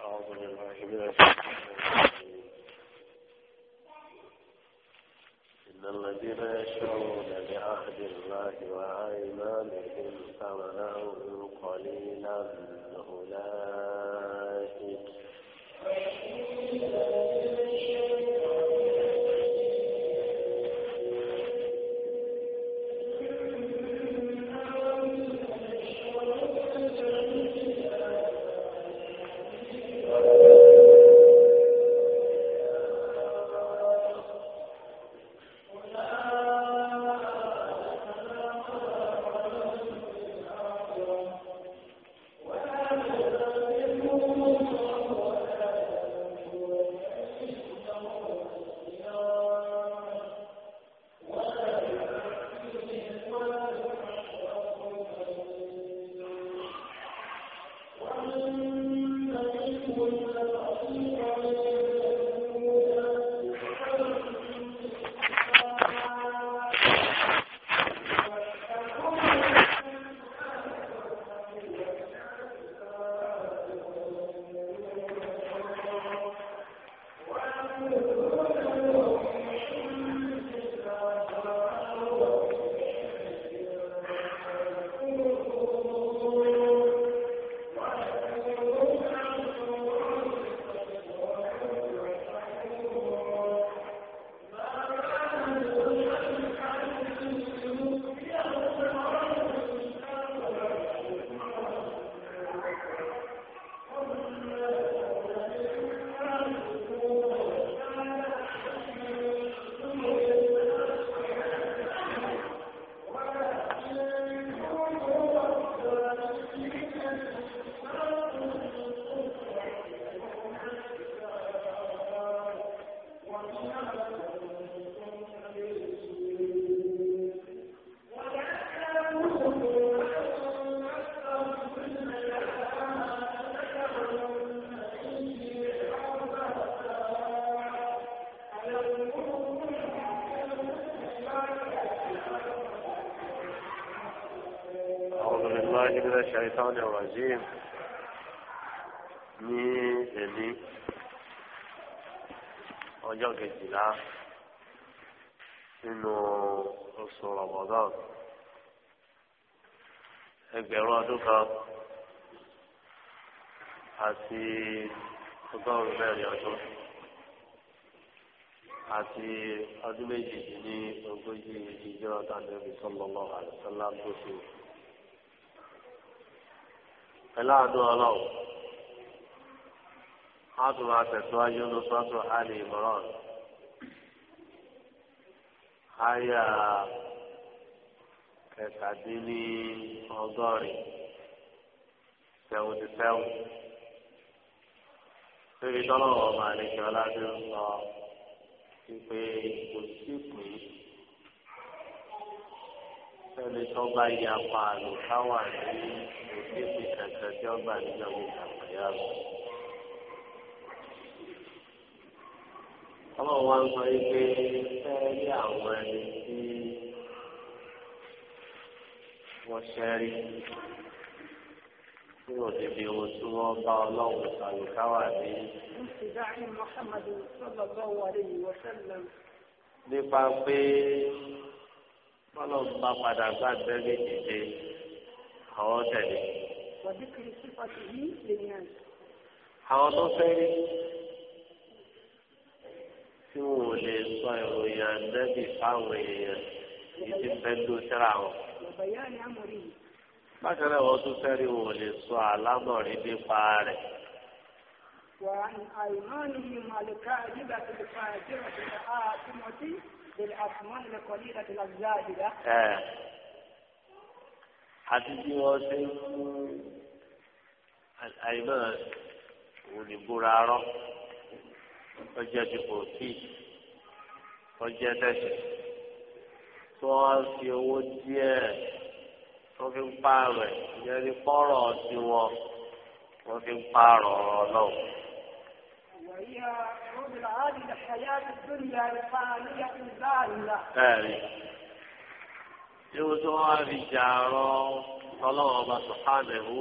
إن الذين يشعرون بعهد الله وأيمانهم ثمنا قليلا أولئك بالله من الشيطان الرجيم ní èmi ọjọ́ kejìlá nínú oṣù Ramadan ẹgbẹ̀rún ọdún kan àti ọgọ́rùn-ún mẹ́rin ọdún àti ọdún méjì ní ogójì ìjọ tàbí sallallahu alaihi wasallam tó ṣe pẹ̀lú àánú ọlọ́run a tún máa tẹ̀síwájú ní sọ́tò àlè ìmọ̀ràn àyà kẹtàdínní ọgọ́rin seventy seven níbi tọ́lọ́wọ́ ọba àlejò aládé ń sọ wípé kò sí pín ẹni tó bá ya pa àlùkà wà ní òkè fi kẹ̀kẹ́ tí ó gbà níjọ́ mi kàkà yá lọ. ọlọ́run wa ń sọ yìí pé fẹ́ rí àwọn ẹni tí wọ́n ṣẹ́ rí tí wọ́n ti fi ohun tí wọ́n bá ọlọ́run àlùkà wà ní. nípa pé. kọ́lọ̀ ń bá padà bá bẹ́ẹ̀ dìde àwọn tẹ̀lé. àwọn tó fẹ́ rí tí lè sọ ìròyìn àdẹ́bì fáwọn èèyàn yìí ti fẹ́ ló síra wọn. bákan náà wọ́n tún fẹ́ rí wọn lè sọ nípa rẹ̀. بالأثمان القليلة الزاهدة حديثي واسف الأيمان ونبرارة فجأة قوتي فجأة تشف تواسي وديه wọ́n fi ń pààrọ̀ ẹ̀ ìyẹn ní kọ́rọ̀ tiwọn wọ́n fi ń pààrọ̀ ọ̀rọ̀ ọlọ́run. هي عود هذه الحياة الدنيا الفانية الباهلة. ewu tó wá fi jàrọ ọlọ́wọ́ ọba sùhánìhù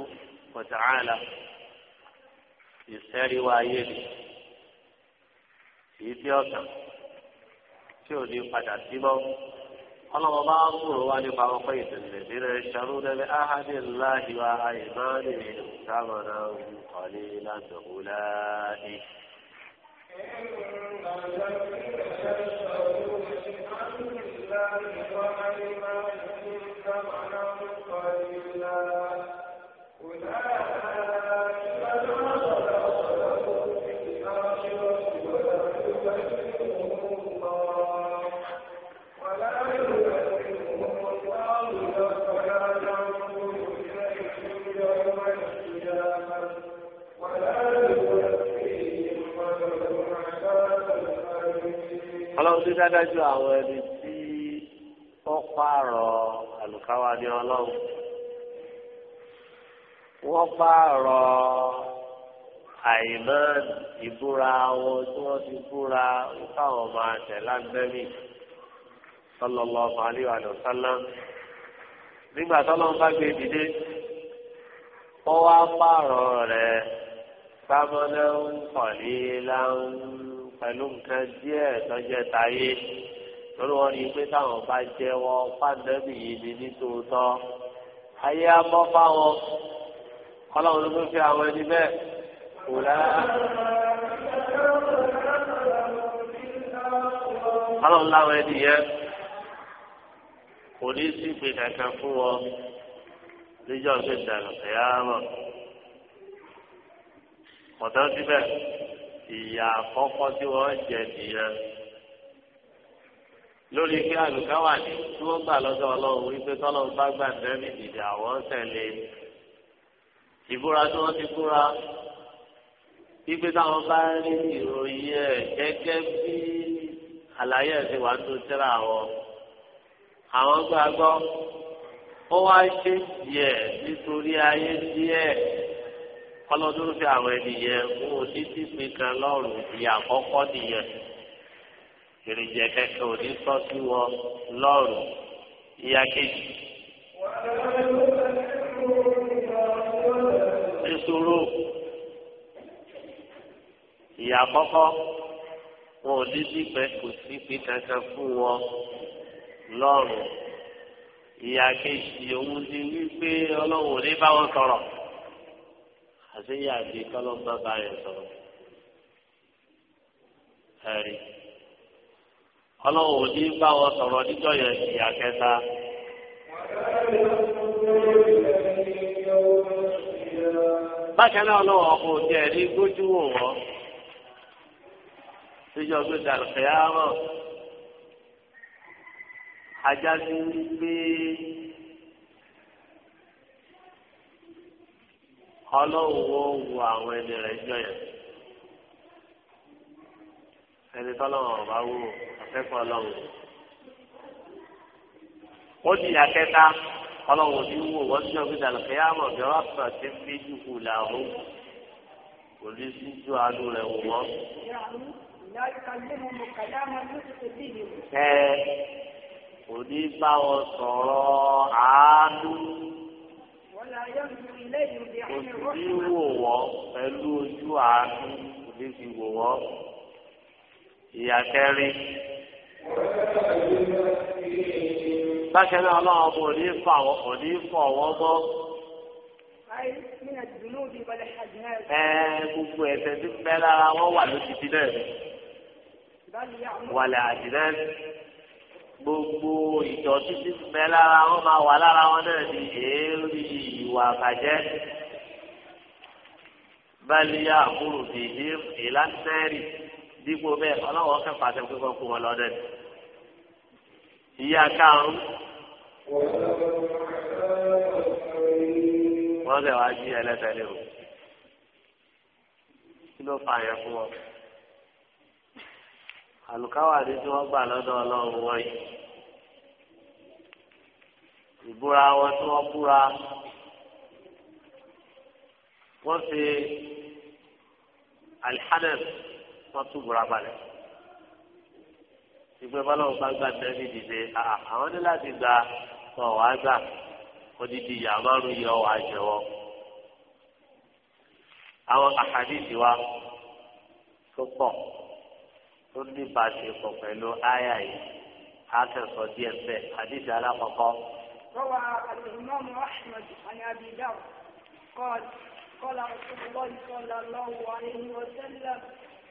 wọ̀tàálà ìsẹ́ríwá ayé ni èyí tí ọ̀tàn tí ò ní padà sí mọ́ ọlọ́wọ́ bá ń gbòòrò wá nípa ọkọ̀ ìtẹ̀lẹ̀ nílẹ̀ ṣàrú lẹ́lẹ́ áhádé láhìwá àyèmá nìyẹn sábà náà ń kọ́lé ládùúgbò láàyè. إن الذين يشهدون بأن الله dájú àwọn ẹni tí ó pààrọ̀ àlùkáwá ní ọlọ́run wọ́n pààrọ̀ àìmọ́ ìbúra wọn tí wọ́n ti búra káwọn máa tẹ̀ láńdẹ́mì sallallahu alaihi wa sallam nígbà tọ́lọ́n bá gbé dìde wọ́n wá pààrọ̀ rẹ̀ sábọ́nẹ́ ń pọ̀ ní láńdẹ́mì pẹ̀lú nǹkan díẹ̀ lọ́jọ́ táyé lórí wọn ni pé táwọn bá jẹ́ wọn yìí ni nítòótọ́ ayé amọ́ fáwọn kọ́lọ́run ló fẹ́ àwọn ẹni bẹ́ẹ̀ kò lára. kọ́lọ́run láwọn ẹni yẹn kò ní sí ìpè kankan fún wọn níjọ́ gbé dànù ẹ̀yà mọ̀. mọ̀tọ́ síbẹ̀ ìyà àkọ́kọ́ tí wọ́n jẹ nìyẹn lórí pé àlùkáwà ní tí wọ́n gbà lọ́dọ̀ ọlọ́run wípé tọ́lọ́run bá gbà nẹ́ẹ̀mí dìde àwọn tẹ̀lé ìbúra tí wọ́n ti búra wípé táwọn bá rí ìròyìn ẹ̀ gẹ́gẹ́ bí àlàyé ẹ̀ ti wà ń dojúra àwọn àwọn gbàgbọ́ ó wá ṣe díẹ̀ nítorí ayé díẹ̀ ọlọ́dún fi àwọn ènìyàn wọn ò ní sípè kan lọ́rùn ti àkọ́kọ́ nìyẹn èrìjẹ kẹkẹ ò ní sọ sí wọn lọ́rùn ìyá kejì. ìṣòro ìyá àkọ́kọ́ wọn ò ní sípè kò sípè kankan fún wọn lọ́rùn ìyá kejì òun ti wí pé ọlọ́run ò ní bá wọn sọ̀rọ̀. àti ìyá àti kọlọ́mbà báyọ̀ bá ìyá bákan náà gbójú wò gbé àárọ̀ ajá ọlọ́run wo wo àwọn ẹni rẹ̀ jọ yẹn ẹni tọ́lọ́run ọ̀bá wò akẹ́kọ̀ọ́ ọlọ́run ó di akẹ́ta ọlọ́run ti wò wọ́n ti ọ̀gbìn dàlùkẹ́ àmọ̀ bí wọ́n sọ ti fi dùkú làwọn kò ní sí ju àánú rẹ̀ wò wọ́n. ẹ kò ní bá wọn sọ̀rọ̀ àánú kò sí wò wọ́n pẹ̀lú ojú àánú kò lè fi wò wọ́n ìyá kẹrin. bákan náà ọlọ́run ọmọ òní fọ àwọn òní fọ wọ́n mọ́. ẹ gbogbo ẹ̀ṣẹ̀ tí ń bẹ lára wọn wà lójijì náà wàlẹ̀ àdìrẹ́sì gbogbo ìdọ̀tí tí ń bẹ lára wọn máa wà lára wọn náà ní èérí ìwà àbàjẹ́ bẹ́ẹ̀lìyà àbúrò dèjé ìlànàrì dípò bẹ́ẹ̀ ọlọ́wọ́ kẹfà tẹ pé kọ́ kó wọn lọ dẹ̀. ìyá karùn-ún wọ́n wá jí ẹlẹ́tẹ̀lé o kí ló fà yẹn fún wọn àlùkáwàdé tí wọ́n gbà lọ́dọ̀ ọlọ́run wọ̀nyí ìbúra wọn tí wọ́n búra wọ́n fi alihamid wọ́n tún búra balẹ̀ ìgbẹ́ bọ́lọ́wọ́ bá gbà tẹ́lẹ̀ dìde àwọn ní láti gba ọ̀wá gbà odidi ìyá márùn yọ ọ̀wá jẹ̀wọ́ àwọn àkàdé ìdíwá tó pọ̀ tó ní ìbáṣepọ̀ pẹ̀lú àyà yìí a kẹsọ̀ díẹ̀ bẹ́ẹ̀ àdìsí alákọ̀ọ́kọ́. روى الإمام أحمد عن أبي ذر قال قال رسول الله صلى الله عليه وسلم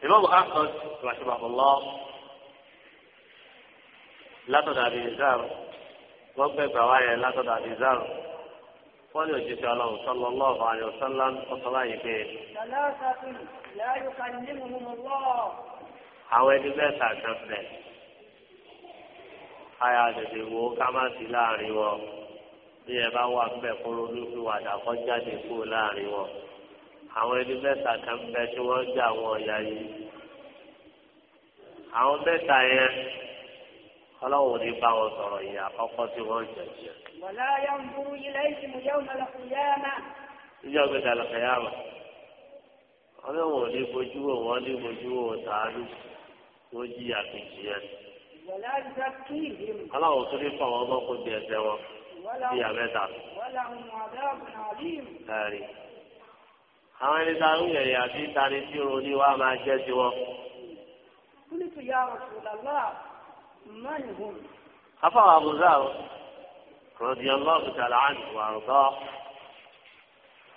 الإمام أحمد رحمه الله látọ̀dọ̀ àbíyèsàrò wọ́n gbé gbà wáyé látọ̀dọ̀ àbíyèsàrò wọ́n lè jíṣẹ́ ọlọ́run sọ́lọ́ lọ́ọ̀fọ̀ àyọ̀sọ́lá ọ̀sọ́lá yìí pé àwọn ẹni mẹ́ta kan bẹ̀. káyà tètè wo ká má sí láàrin wọn bí ẹ bá wà mbẹ kóró lórí wàdà kọjáde kú láàrin wọn àwọn ẹni mẹ́ta kan bẹ tí wọ́n jẹ́ àwọn ọ̀yà yìí. àwọn mẹ́ta yẹn ọlọ́wọ́ ní bá wọn sọ̀rọ̀ yìí àkọ́kọ́ tí wọ́n jẹ jẹ. wàlá yà ń burú ilé ìsìnkú yẹ́wò náà lọ́kùn yáàmà. níjọ́ gbé dàlọ́ kẹ́yàmà ọlọ́wọ́ ní bojú wò wọ́n ní bojú wò tààlù tó jí àkejì yẹn. aláwọ̀ tó ní fọwọ́ ọmọ kó di ẹsẹ̀ wọn bí abẹ́ta. ẹ̀rí àwọn ẹni tá a ń yẹ̀yẹ̀ àti tani tí ro ni wàá máa jẹ́ sí wọn. afọwọ́ àbúzá o rọ̀dì ọlọ́ọ̀bù tàlà àdùn àrùbọ́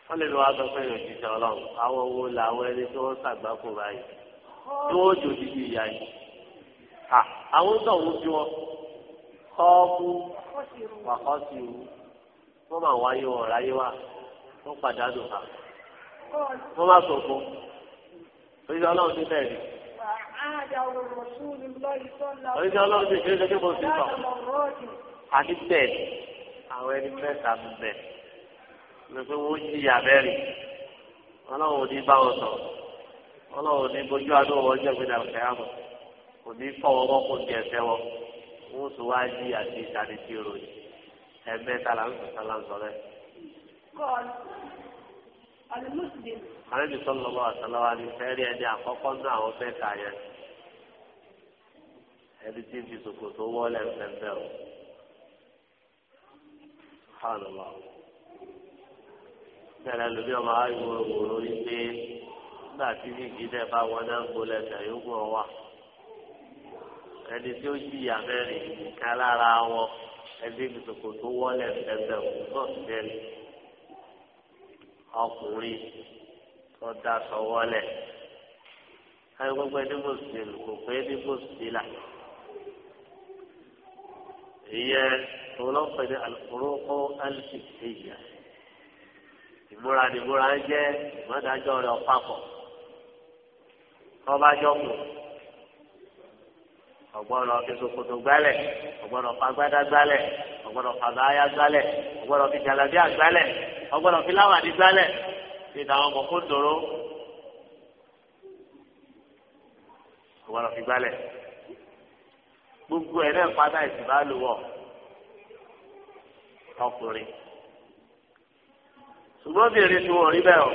wọ́n lè lọ́wọ́ sọ pé òjijì ọlọ́run àwọn owó làwọn ẹni tó ń ṣàgbákò báyìí tí jò dídí ìyá yìí. àwọn tó ń jọ kọ́ọ̀kú wàkọ́sì wù wọ́n máa wáyé wọn ráyé wá wọ́n pàdánù ha wọ́n máa sọ̀kọ́ oríṣi ọlọ́run ti bẹ̀rẹ̀. oríṣi ọlọ́run ti ṣe é lókè bóṣù sọ àti bẹ́ẹ̀ àwọn ẹni mẹ́ta bẹ́ẹ̀ lọ́pẹ́ wọ́n yí ìyá mẹ́rin ọlọ́run ò ní bá wọn sọ̀rọ̀ ọlọ́run ní bójú adúlọ̀ wọ́n jẹ́ pé dàbẹ̀ àmọ̀ kò ní fọwọ́ wọn kò ní ẹsẹ̀ wọn wọn sọ wá jí àti ìsàlẹ̀ tí o ròyìn ẹgbẹ́ tala ń sọ̀tàn lásán rẹ̀. àrẹ́bí sọ́nù lọ́wọ́ àtàlọ́wọ́ ni fẹ́ẹ́rì ẹni àkọ́kọ́ náà àwọn fẹ́ kà yẹn ẹni tí ń fi ṣòkòtò wọlé ẹ̀fẹ̀fẹ̀ o. sùhánù lọ. bẹ́ẹ̀ ni ẹlòmíràn máa ń wòrò nígbà tí ní ìdílé bá wọn náà ń bolẹ̀ ẹ̀yọ́gbọ̀n wọn wà ẹni tí ó yí àmẹ́rin nìkan lára wọn ẹbí ìsòkò tó wọlé ẹgbẹ́ òkútọ̀ sílẹ̀ ọkùnrin tó dáṣọ wọlé ẹni gbogbo ẹni mùsùlùmí kò pé ẹni mùsùlùmí là ìyẹn ọlọ́pàá ní alùpùpù alùpùpù ìyá ìmúra ni ìmúra ń jẹ́ ìmọ̀dájọ́ rẹ̀ ọ̀pápọ̀ tọ́ba jọ́kù ọ̀gbọ́dọ̀ ìsòkòtò gbálẹ̀ ọ̀gbọ́dọ̀ fagbádá gbálẹ̀ ọ̀gbọ́dọ̀ fàbáyá gbálẹ̀ ọ̀gbọ́dọ̀ fìjàlábíà gbálẹ̀ ọ̀gbọ́dọ̀ fìláwàdí gbálẹ̀ fi dàwọn ọmọ kó dòró ọ̀gbọ́dọ̀ fi gbálẹ̀ gbogbo ẹ̀ náà padà ìsìnbá lò wọ̀ ọkùnrin ṣùgbọ́n obìnrin tí wọ́n rí bẹ́ẹ̀ o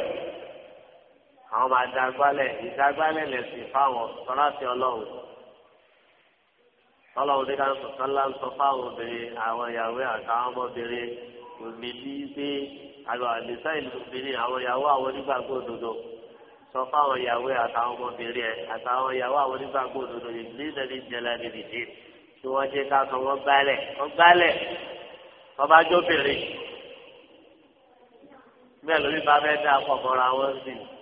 àwọn máa da agbálẹ̀ ìdágbálẹ̀ lẹ̀sìn fáwọn sọ́láṣí ọlọ́run ọlọ́run nígbà sọ́lá ń sọ fáwọn obìnrin àwọn ìyàwó àtàwọn ọmọbìnrin òbí bí pé àlọ́ àdìsá ìlú obìnrin àwọn ìyàwó àwọn onígbàgbọ́ òdodo sọ fáwọn ìyàwó àtàwọn ọmọbìnrin ẹ àtàwọn ìyàwó àwọn onígbàgbọ́ òdodo ìdílé ìdẹ́ni ìjẹlẹ nìdíje tí wọ́n jẹ́ ká sọ wọ́n gbálẹ̀ wọ́n gbálẹ̀ ọba jóbìnrin bẹ́ẹ̀ lórí bá fẹ́ dá pọ̀ mọ́ra wọn sí i.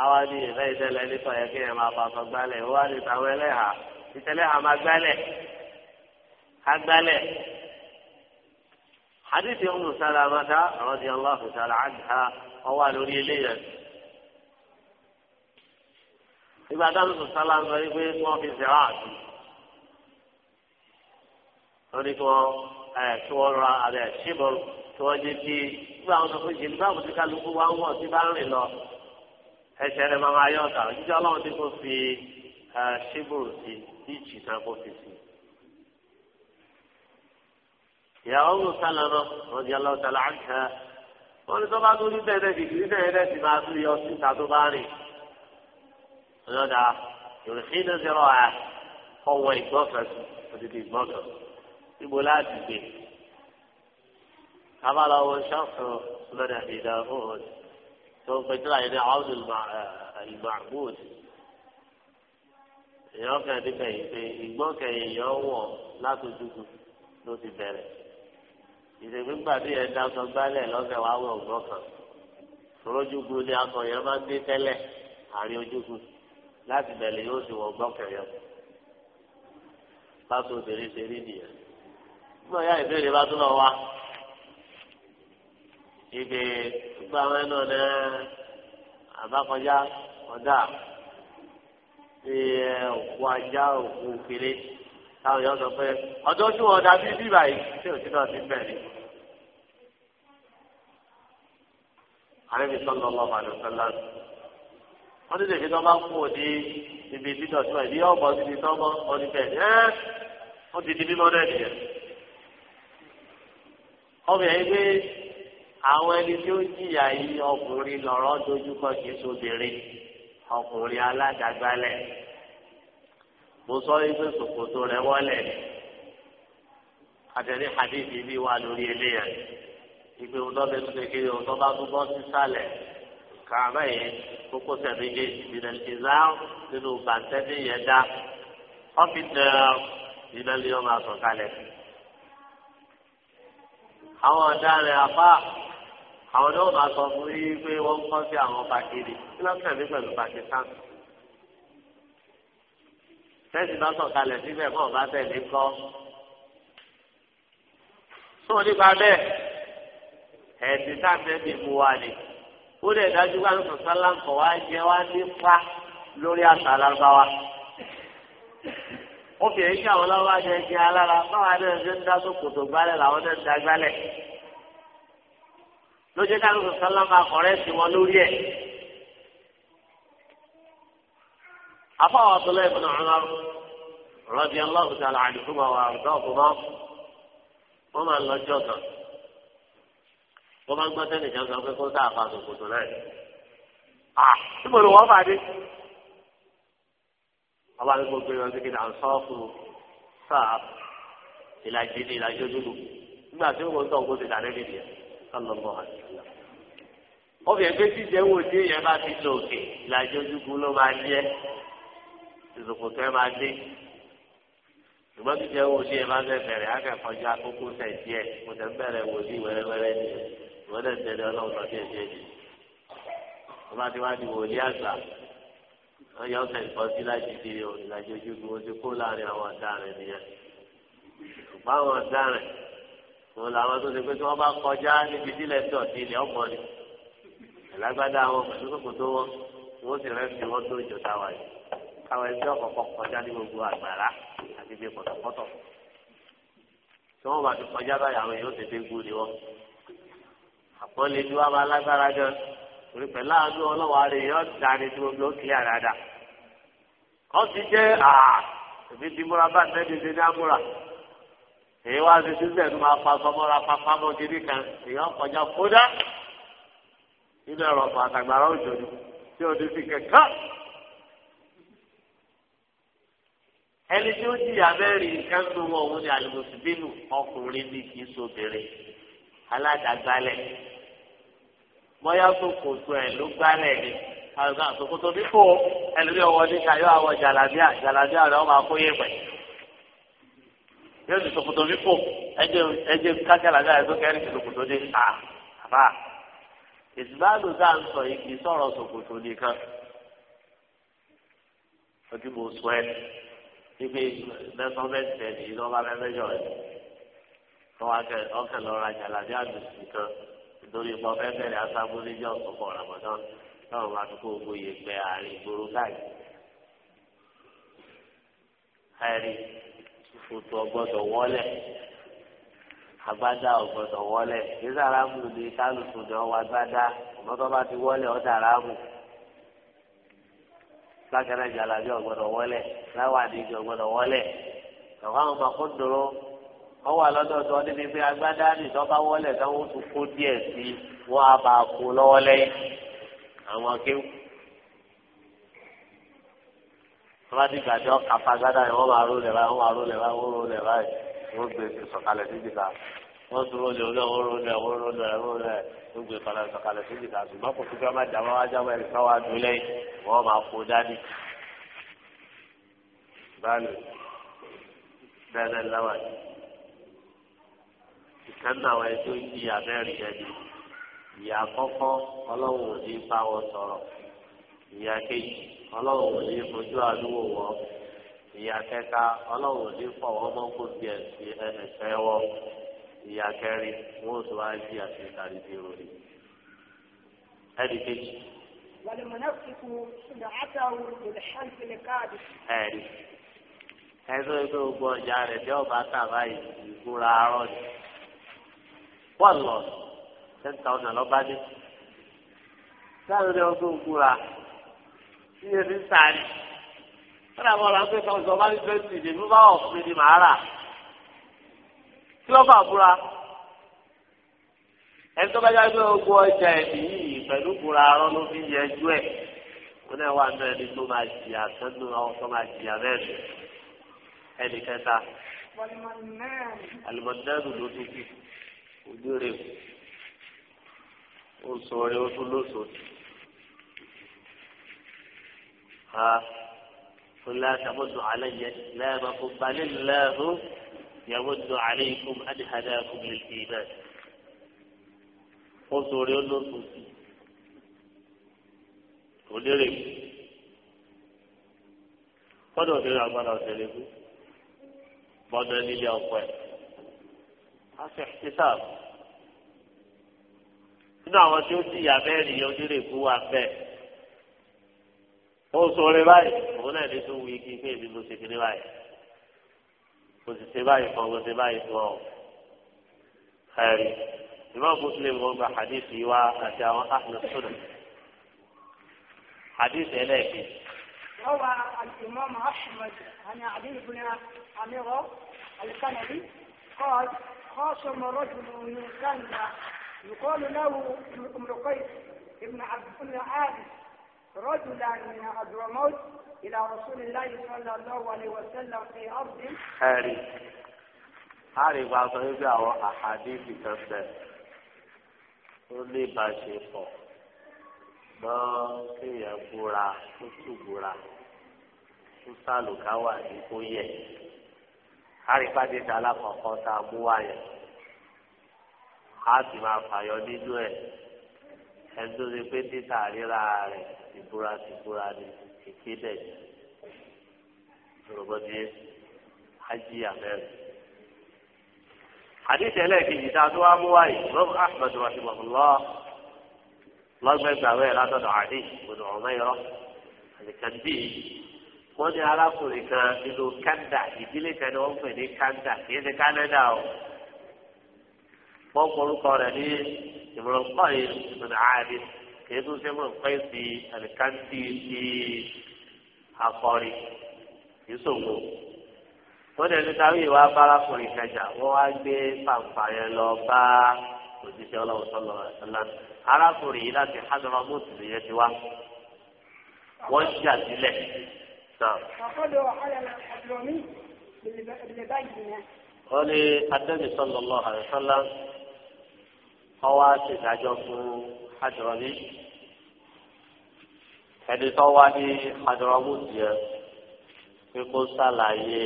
àwa ní ìfẹ́ ìtẹ́lẹ̀ nítorí ẹ̀ kí ẹ̀ máa fa sọ gbálẹ̀ ó wá ní tàwọn ẹlẹ́hà ìtẹ́lẹ̀ máa gbálẹ̀ ká gbálẹ̀. حديث أم سلمة رضي الله تعالى عنها ọwọ́ lórí eléyà ìgbà dáhùn tó sálá ń sọ wọ́n fi kí wọ́n ẹ̀ wọ́n ra àbẹ̀ wọ́n jẹ́ kí ẹsẹ̀ rẹ̀ máa yọ̀ ọ̀tà òjijì ọlọ́run tí kò fi ṣíbùrù sí bíìchì náà kò fi sí. ìyàwó mi sálọ náà wọ́n di ọlọ́run sálọ àǹkà wọ́n ní tó bá tó ní bẹ́ẹ̀ náà kìkì níbẹ̀ sì máa tún yọ síta tó bá rìn. ọlọ́dà ìrìnsí ní zero a ọwọ́ ìgbọ́fẹ̀ sí odidi ìgbọ́fẹ̀ ibo láti gbé. kábàlà owó ṣọ́ọ̀fù lọ́dà ìdá òòrùn tó ń pẹ̀tẹ́lá yẹn ní àwọn ìgbàgbọ́d eh, èèyàn kan níbẹ̀ yìí pé ìgbọ́kẹ̀yìn èèyàn wọ̀ látòjúkù ló ti bẹ̀rẹ̀ ìṣègùn gbàdé yẹn dáṣọ gbálẹ̀ lọ́sẹ̀ wàá wọ̀ ọ̀gbọ́n kan torójúkù ni akọ yẹn máa ń dé tẹ́lẹ̀ àárín ojúkù láti bẹ̀rẹ̀ yóò sì wọ̀ gbọ́kẹ̀yìn bá tó obìnrin ibi gbogbo àwọn ẹnu ọ̀nà àbákọjá ọ̀dà ti òkú ajá òkú kéré táwọn yóò sọ pé ọjọ́ ojú ọ̀dà bíi bíbà yìí tí òtítọ́ ti bẹ̀rẹ̀. àrẹ́bí sọ́nà ọlọ́mọ àlùfẹ́lá wọ́n ti tẹ̀sí tọ́ba kú òdi ibi títọ̀ tí wọ́n ìdí ọ̀bọ̀ ti di tọ́mọ́ ọdún bẹ́ẹ̀ ẹ́ ó ti di mímọ́ náà nìyẹn. ọmọ yẹn gbé àwọn ẹni tí ó jìyà yìí ọkùnrin lọ́rọ́ dojúkọ kì í sóbìnrin ọkùnrin aládàgbálẹ̀ mo sọ ife ṣòkòtò rẹ̀ wọlẹ̀ àtẹ̀lé hadithi bí wà lórí eléyà ìpè òdọ́bẹ tó ṣe kiri òdọ́ bá tó bọ́ sísàlẹ̀ kàmá yẹn kókó tẹ̀lé yé ìdìnnà nínú bàtẹ́ni yẹn dá ọ́fíìsì ìdìnnà yẹn máa sọ̀kalẹ̀. àwọn ọ̀daràn apá àwọn náà máa sọ fún yí pé wọ́n ń sí àwọn pàkìrì kí ló ń pẹ̀lú Pakistan. tẹ́sí bá sọ̀ kalẹ̀ síbẹ̀ kọ́ ọ̀bá tẹ̀lé kọ́. sọ nípa bẹ́ẹ̀ ẹ̀sìn táǹtẹ̀ ti mú wa ni ó lè dájú wá ní sọ̀sálà wá jẹ́ wá nípa lórí àṣà ó fi èyí kí àwọn lọ́wọ́ ajẹ́ jẹ́ alára báwa náà ṣe ń dá sókòtò gbálẹ̀ làwọn náà dá gbálẹ̀ lójú náà lóṣù sálámà ọ̀rẹ́ sí wọn lórí ẹ̀. afọwọ́ abdullahi bin umar rọ́bì aláwọ̀ sàlà àdìfúnmọ̀ wà àrùdọ́ọ̀fúnmọ́ wọ́n máa ń lọ́jọ́ kan wọ́n máa ń gbọ́ sẹ́ni ìjọba pé kó sáà fa àtòkòtò náà. ah tí mo lò wọ́n fà dé. ọba ní gbogbo ìrántí kí náà sọ fún sáà ìlàjì ní ìlàjì ojúlu nígbà tí wọ́n ń tọ́ òkú ti dà sọlọ́mọ àtìlá. obìnrin pé tíjẹ wo tí èèyàn bá ti lò òkè ìlàjì ló máa jẹ ìsòkò tẹ máa dé ṣùgbọ́n tíjẹ wo tí èèyàn bá fẹ́ bẹ̀rẹ̀ akẹ́kọ̀ọ́jà kókó sẹ̀ díẹ̀ kò tẹ̀ ń bẹ̀rẹ̀ wò sí wẹ́rẹ́wẹ́rẹ́ ni ìwọ́n tẹ̀lé ọlọ́run lọ díẹ̀ díẹ̀ díẹ̀ wọ́n bá ti wá di wòlíì àgbà wọ́n yọ ọ̀sẹ̀ ìkọ́ sí láti di ìlàjì ojúkú ó ti kó láàrin àwọn ọ̀daràn nìyẹn wọn làwọn tó ṣe pé tí wọn bá kọjá níbi dílé dọ̀tí ilẹ̀ ọ̀pọ̀ ni ìlágbádá wọn pẹ̀lú kòkòtò wọn wọn sì rẹ́ fi wọn tó ìjọ táwa yìí káwọn ẹgbẹ́ ọ̀kọ̀ọ̀kọ̀ kọjá ní gbogbo àgbàrá àti ibi pọ̀tọ̀pọ̀tọ̀ tí wọn bá fi kọjá báyìí àwọn èèyàn tètè gbó ni wọn àpọ́nlé tí wọn bá lágbára gan orí pẹ̀lú àánú ọlọ́wọ́ àrẹ yóò dáni tí gbogbo ó kílẹ̀ dáadáa kọ́ ti jẹ́ àà èmi ti múra bá èyí wá sí sísẹ ní máa pa sọmọra pápámọ gidi kan èyàn kọjá kódà nínú ẹ̀rọ ọ̀pọ̀ àtàgbàrá òjò ni tí o ti fi kẹ̀kẹ́. ẹni tí ó jìyà mẹ́rin nǹkan tó wọ òun ni àlùmọ̀sibínú ọkùnrin ni kì í sobìnrin aládàgbálẹ̀ bóyá tó kò tó ẹ̀ ló gbálẹ̀ ni àlùkò àtòkòtò bí kò ẹlòmíọ̀ wọlé ṣayọ́ àwọ̀ jàlábíà jàlábíà rẹ̀ ọmọ akóyè pẹ̀lú yóò di ṣòkòtò mi kò ẹjẹ ẹjẹ kákàlàgà ẹ tó kẹrin ti ṣòkòtò dé ta àbá ìsìláàlù tá à ń sọ yìí kì í sọ̀rọ̀ ṣòkòtò nìkan ojú mo sọ ẹ ibi mẹsọmẹsẹ ní ìlọba mẹsẹjọ rẹ lọ́wọ́ ọkẹ lọrọ àjàlàbí àdùsí kan nítorí ipa ọfẹ bẹ̀rẹ̀ asábúlẹjọ ọkọ ramadan náà wà tó kó gbogbo yẹn pẹ àárín ìgboro káàkiri kòtò ọgbọ́dọ̀ wọlé agbádá ọgbọ́dọ̀ wọlé yíṣà ráàmù ni kálukú ni ọwọ́ agbádá ọmọdé bá ti wọlé ọdà ráàmù lákàrà jàlábí ọgbọ́dọ̀ wọlé láwàdí ọgbọ́dọ̀ wọlé ọwọ́ àwọn ọmọ kó dòrò ọwọ́ àlọdọọdọ níbi pé agbádá ni tọba wọlé táwọn tún kó díẹ̀ sí wọn a máa kó lọ́wọ́ lẹ́yìn àwọn kéwù. tọ́lá ti gbàdé ọkà fagádà yẹn wọ́n máa ró lẹ̀ báyìí wọ́n máa ró lẹ̀ báyìí wọ́n ró lẹ̀ báyìí wọ́n gbé ti e sọ̀kalẹ̀ sí ìdìkà wọ́n tún ró lẹ̀ wọ́n ró lẹ̀ wọ́n ró lẹ̀ wọ́n ró lẹ̀ wọ́n gbé e kalẹ̀ sọ̀kalẹ̀ sí ìdìkà ṣùgbọ́n kò fífi ọmọ jàmbá wájà wọ́n ẹ̀rí káwá dùn lẹ́yìn wọ́n máa kó dání. báyìí bẹ́ẹ̀ lẹ́wà ìkànnì àwọn ẹni ọlọ́run ò ní fojú àdúgbò wọn ìyá kẹta ọlọ́run ò ní fọ wọn mọ́ kó bí ẹ̀sìn ẹ̀fẹ́ wọn ìyá kẹrin wọn ò tó wá jí àti ìtàrí bí ròlì. ẹnì kejì. wàlùmọ̀nàfíkù ṣùgbọ́n ẹ̀rí ogun ọjà rẹ̀ bí ọba tàbá ìgbóra arọ́ ni wọ́n lọ ten thousand lọ́ba dé. sáré ọgbẹ́ ògùn tí yẹn ti sáré wọn làwọn ọ̀rọ̀ àgbẹ̀ kan sọ bá ní twenty ní bí báwọ̀ fún mi ni màá rà kí ló fà búra ẹni tó bá yá pé ogun ọjà ẹ̀mí yìí pẹ̀lú búra arọ́ ló fi yẹ ju ẹ̀ wọn náà wà nínú ẹni tó máa jìyà sẹ́nu àwọn tó máa jìyà mẹ́rin ẹni kẹta alimọ̀dẹ́rù ló dúkì ojú rẹ̀ o sọ̀rọ̀ o tún lóṣooṣù. فلا تمد علي لا مكم بل الله يمد عليكم أن هداكم للإيمان قلتوا لي أنه onírè kọ́dọ̀ òdèrè agbára ọ̀tẹ̀lẹ̀ kú bọ́dọ̀ nílé ọkọ ẹ̀ á fi nínú àwọn tí ó ti yà mẹ́rin onírè kú wà bẹ́ẹ̀ ó sọ̀rọ̀ báyìí òun náà ní tó wí kí pé èmi mo ṣe kiri báyìí mo sì ṣe báyìí kan mo ṣe báyìí fún ọ ẹrí ìmọ̀ muslim wọn gba hadith yìí wá àti àwọn ahmed sọ̀rọ̀ hadith ẹlẹ́ẹ̀kejì. روى الإمام أحمد عن علي بن أميرة الكندي قال خاصم رجل من كان يقال له ابن قيس ابن عبد بن عابس رجلا من حضرموت إلى رسول الله صلى الله عليه وسلم في أرض حاري حاري بعض الرجع وأحاديث تفسد ní ìbáṣepọ̀ gbọ́ kéèyàn búra kó tù búra kó sálùká wà ní kó yẹ kárípàdé ta alákọ̀ọ́kọ́ tá a mú wáyà á sì máa fàyọ nínú ẹ̀ ẹjọ́ ṣe pé títà ríra rẹ̀ tìbúra tìbúra ni ìpínlẹ̀ ìrọ̀bọ̀dé ájí àbẹ́rẹ́. حديث إليك إذا دعا مواي رب أحمد رحمه الله lọ́gbà ìgbàwé látọ̀dọ̀ àdé gbọdọ̀ ọ̀mẹ́yọrọ àdìkàndì wọ́n ní arákùnrin kan nínú kanda ìdílé kan ni wọ́n ń pè ní kanda kì í ṣe kánádà o wọ́n kọ́rúkọ rẹ̀ ní ìmọ̀lọ́kọ́ yìí ìmọ̀lọ́ ààrẹ kìí tún ṣe mọ̀ pẹ́ sí àlìkántì ti akọrí kìí sòwò. wọ́n dẹ̀ ní káwé ìwà abárakùnrin kẹjà wọ́n wá gbé pàǹpà yẹn lọ bá òṣìṣẹ́ ọlọ́run sọ́lọ́ ẹ̀sọ́lá arákùnrin yìí láti hádọ́rọ́ mọ́tò nìyẹn ti wá wọ́n jà sílẹ̀ náà. àkọ́dọ̀ ọ̀hún ni adébísọ̀ ọwọ́ àṣèdájọ́ fún àjọrọ̀lé ẹni tó wá ní àjọrọ̀mù tiẹ̀ pé kó sàlàyé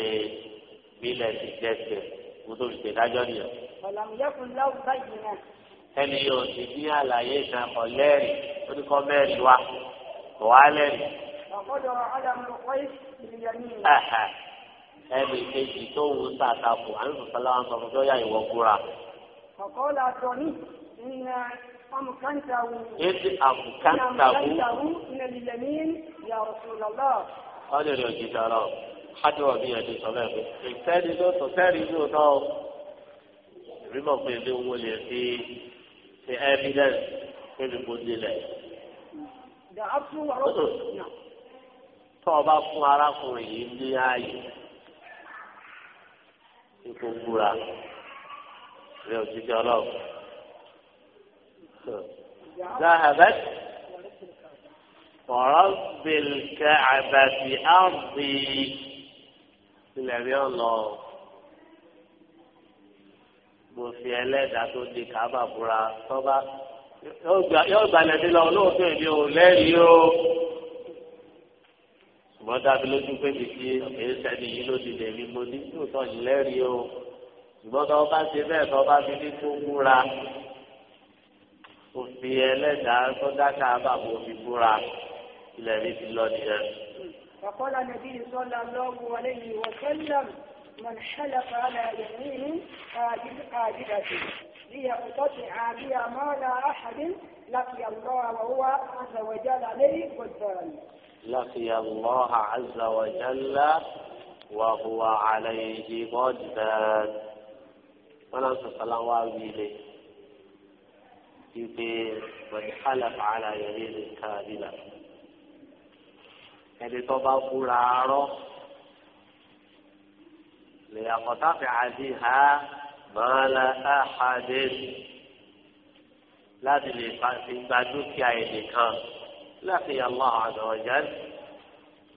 bílẹ̀ ti jẹ́sẹ̀ kó tó fi ṣèdájọ́ nìyẹn. ẹni yóò sì ní àlàyé ìtàn ọ̀lẹ́rìí ó ní kọ́ mẹ́rin wá kò wá lẹ́rìí. ẹni kejì tó wù sàtàkù àyùnfọ̀sálà wọn sọ fún tó yà ìwọ kúra. ọ̀kọ́ la sọ ní. Eti abukantahu. Ọdẹ ni òjijì ọlọ, hajj wà bí ẹni sọ bẹ́ẹ̀ pé ìtẹ́ni ló sọ tẹ́ni ló sọ ọ́. Èmi mọ̀ pé ilé owó lè fi fi evidence pé mi kò nílẹ̀. Tọ́ ọ bá fún arákùnrin yìí ní ààyè ipò gbúra. Ilé òjijì ọlọ́run. ذهبت ورب الكعبة أرضي النبي الله mo fi ẹlẹ́dàá tó di kábà búra tọ́ba yóò gbalẹ̀ sí lọ olóòótọ́ èmi ò lẹ́rìí o ṣùgbọ́n dábí lójú pé mi èyí sẹ́ni yìí ló ti dèmí mo ní yóò tọ́ yìí lẹ́rìí o ṣùgbọ́n tọ́ bá ṣe bẹ́ẹ̀ tọ́ bá fi ní tó búra òfin ẹlẹ́dàá tó dáká bàbá òfi búra ilẹ̀ mi ti lọ nìyẹn. Fàkọ́lá nàbí sọ́lá lọ́wọ́ aléyìn wọ sẹ́lẹ̀m mọ̀n ṣẹlẹ̀fà alẹ́ yẹ̀mí àjídàjì bí ẹ̀kọ́ ti àbí àmọ́lá àṣàdín láti àlọ́ àwọ̀wá àzàwọ̀jálà lẹ́yìn gbọ̀dọ̀rì. لقي الله عز وجل وهو عليه غضبان. ونصر صلى الله عليه wípé bọ̀dìkálà fàálà yẹlé lè ká bílà ẹni tó bá búra arọ́ lè àkọ́tà fi àdí ha mọ́lá àhàdé láti lè gba dúkìá ẹnìkan láti yàrá àná ọ̀jẹ́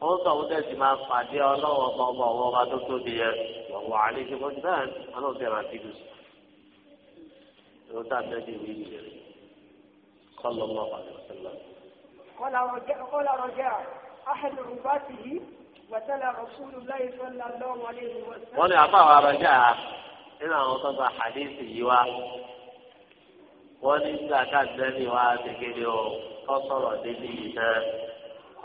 wọ́n sọ wọ́n tẹ̀sí máa pàdé ọlọ́wọ́ ọmọ ọmọ ọba tó tóbi yẹn wọ̀wọ̀ àlejò wọn bẹ́ẹ̀ ọlọ́ọ̀bẹ̀rẹ̀ àti dùsù. ló dá bẹ́ẹ̀ ní ìwé ìrẹ̀lẹ̀. صلى الله عليه وسلم قال رجاء قال رجاء أحد رباته وتلا رسول الله صلى الله عليه وسلم وأنا أعطاه رجاء إن أعطى حديث يوا وأنا إذا كان نبي وأتكلم فصل دليل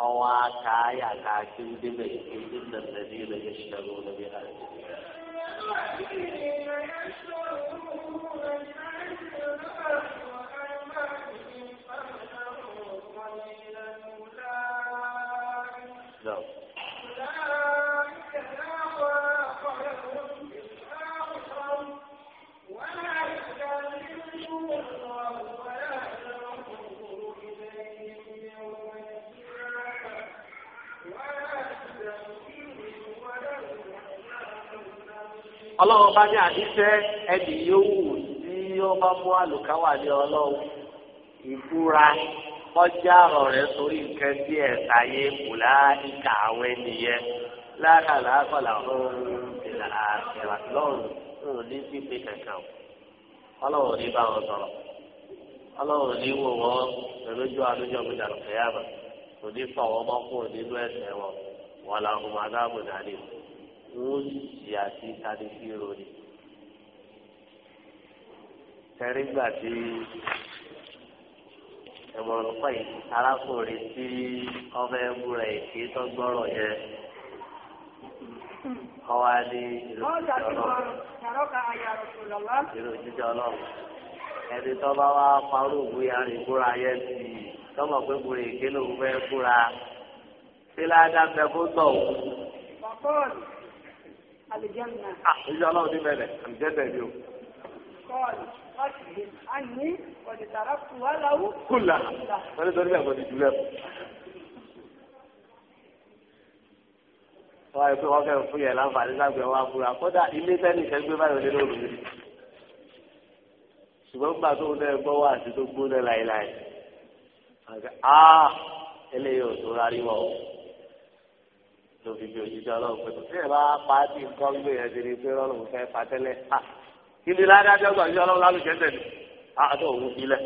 ọwọ́ aka ayà káàkiri débẹ̀ èyí nàbẹ̀bí rẹ̀ yẹ ṣẹlẹ̀ lórí àyè. Thank نعم ọlọ́run bá ní àdíṣẹ́ ẹnì yóò wù tí ọba mú àlùkáwà ní ọlọ́run kọjá ọ̀rọ̀ rẹ̀ sórí nǹkan tí ẹ̀ sáyé kùlá ìka àwọn ènìyàn lára làákọ̀lá ọ̀hún ìlà lọ́rùn òun ní pípé kankan ọlọ́run ní bá wọn sọ̀rọ̀ ọlọ́run ní wò wọ́n kò ní nínú wọn wọn adáàbò dání wọn sì àti tani sí ìròyìn tẹrígbà tí. ẹ̀wọ̀n ọ̀pọ̀ yìí arákùnrin tí ọmọ ẹ̀mú rẹ̀ kì í tọ́gbọ́rọ̀ yẹn. Ọwọ́ adé ìlú òjijì ọlọ́run. Ẹni tó bá wá parọ́ òwú yára ìbúra yẹn ti tọ́mọ̀ pé gbòòrò èké lòun fẹ́ búra. Sílá dábẹ́ fún tọ̀ òun. Bàbá ọ̀nà àlùjẹ́ nà. Àlùjẹ́ ọlọ́run ti bẹ̀rẹ̀ àlùjẹ́ bẹ̀rẹ̀ o kọ́ọ̀lù ọ̀sìn yìí á ní ọ̀dìtàrà fún wa láwù. kùlà wọ́n ní sọ nígbà kan ti jùlẹ̀ fún. wọ́n á yẹ pé wọ́n fẹ́ fún yẹn láǹfààní lágbẹ̀ẹ́ wọn àbúrò àkọ́dà ilé tẹ́nì kẹ́gbẹ́ báyọ̀ lé lóru mi. ṣùgbọ́n gbà tó ń lẹ́ gbọ́ wá àti tó gbóná láéláé. àá eléyìí ò tó ráríwọ̀ o lóbi bí òjijì ọlọ́run pẹ̀lú tí ẹ bá pa á ti nǹkan gbé yẹn ti di pé ọlọ́run fẹ́ pa tẹ́lẹ̀ kí ni ládàjọ́ gbà yí ọlọ́run lálùjẹ́ tẹ̀lé àádọ́ òun ilẹ̀.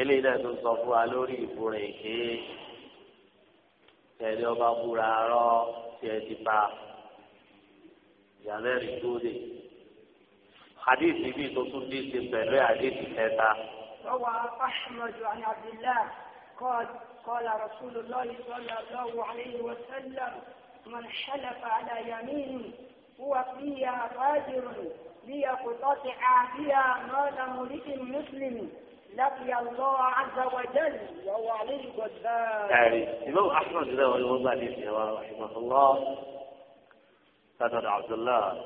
eléyìí náà tó sọ fún wa lórí ìbúra èké tẹ̀lé ọba búra rọ tiẹ̀ ti bá ìyàlẹ́ rí tó dé hadith bíi tó tún dé ṣe pẹ̀lú hadith kẹta. روى أحمد عن عبد الله قال قال رسول الله صلى الله عليه وسلم من حلف على يمين هو فيها فاجر ليقتطع بها مال امرئ مسلم لقي الله عز وجل وهو عليه الجبار. الإمام أحمد بن الله رحمه الله سند عبد الله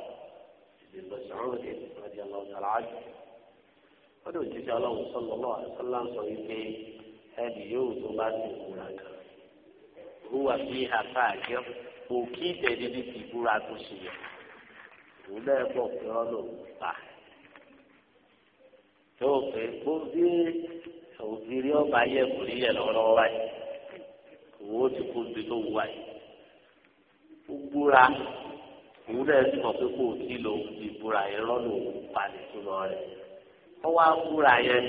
بن مسعود رضي الله تعالى عنه wọ́n ní òjijì ọlọ́run sọ́lọ́ lọ́wọ́ àṣọlá ń sọ wípé ẹni yóò tó bá ti wúra kan. Rúwà bí àbá kò kí ìtẹ̀lé ní ti búra tó ṣe yẹ òun náà bọ̀ pé ọ́ lòun pa tó o pé kó bí òbírí ọba yẹ kò ní yẹ lọ́wọ́lọ́wọ́ báyìí òun ti kó bí tó wù wáyìí ó búra òun náà pé kò kí lòun ti búra yẹn lọ́nà òun pa nìtúmọ̀ rẹ̀ wọ́n wá búra yẹn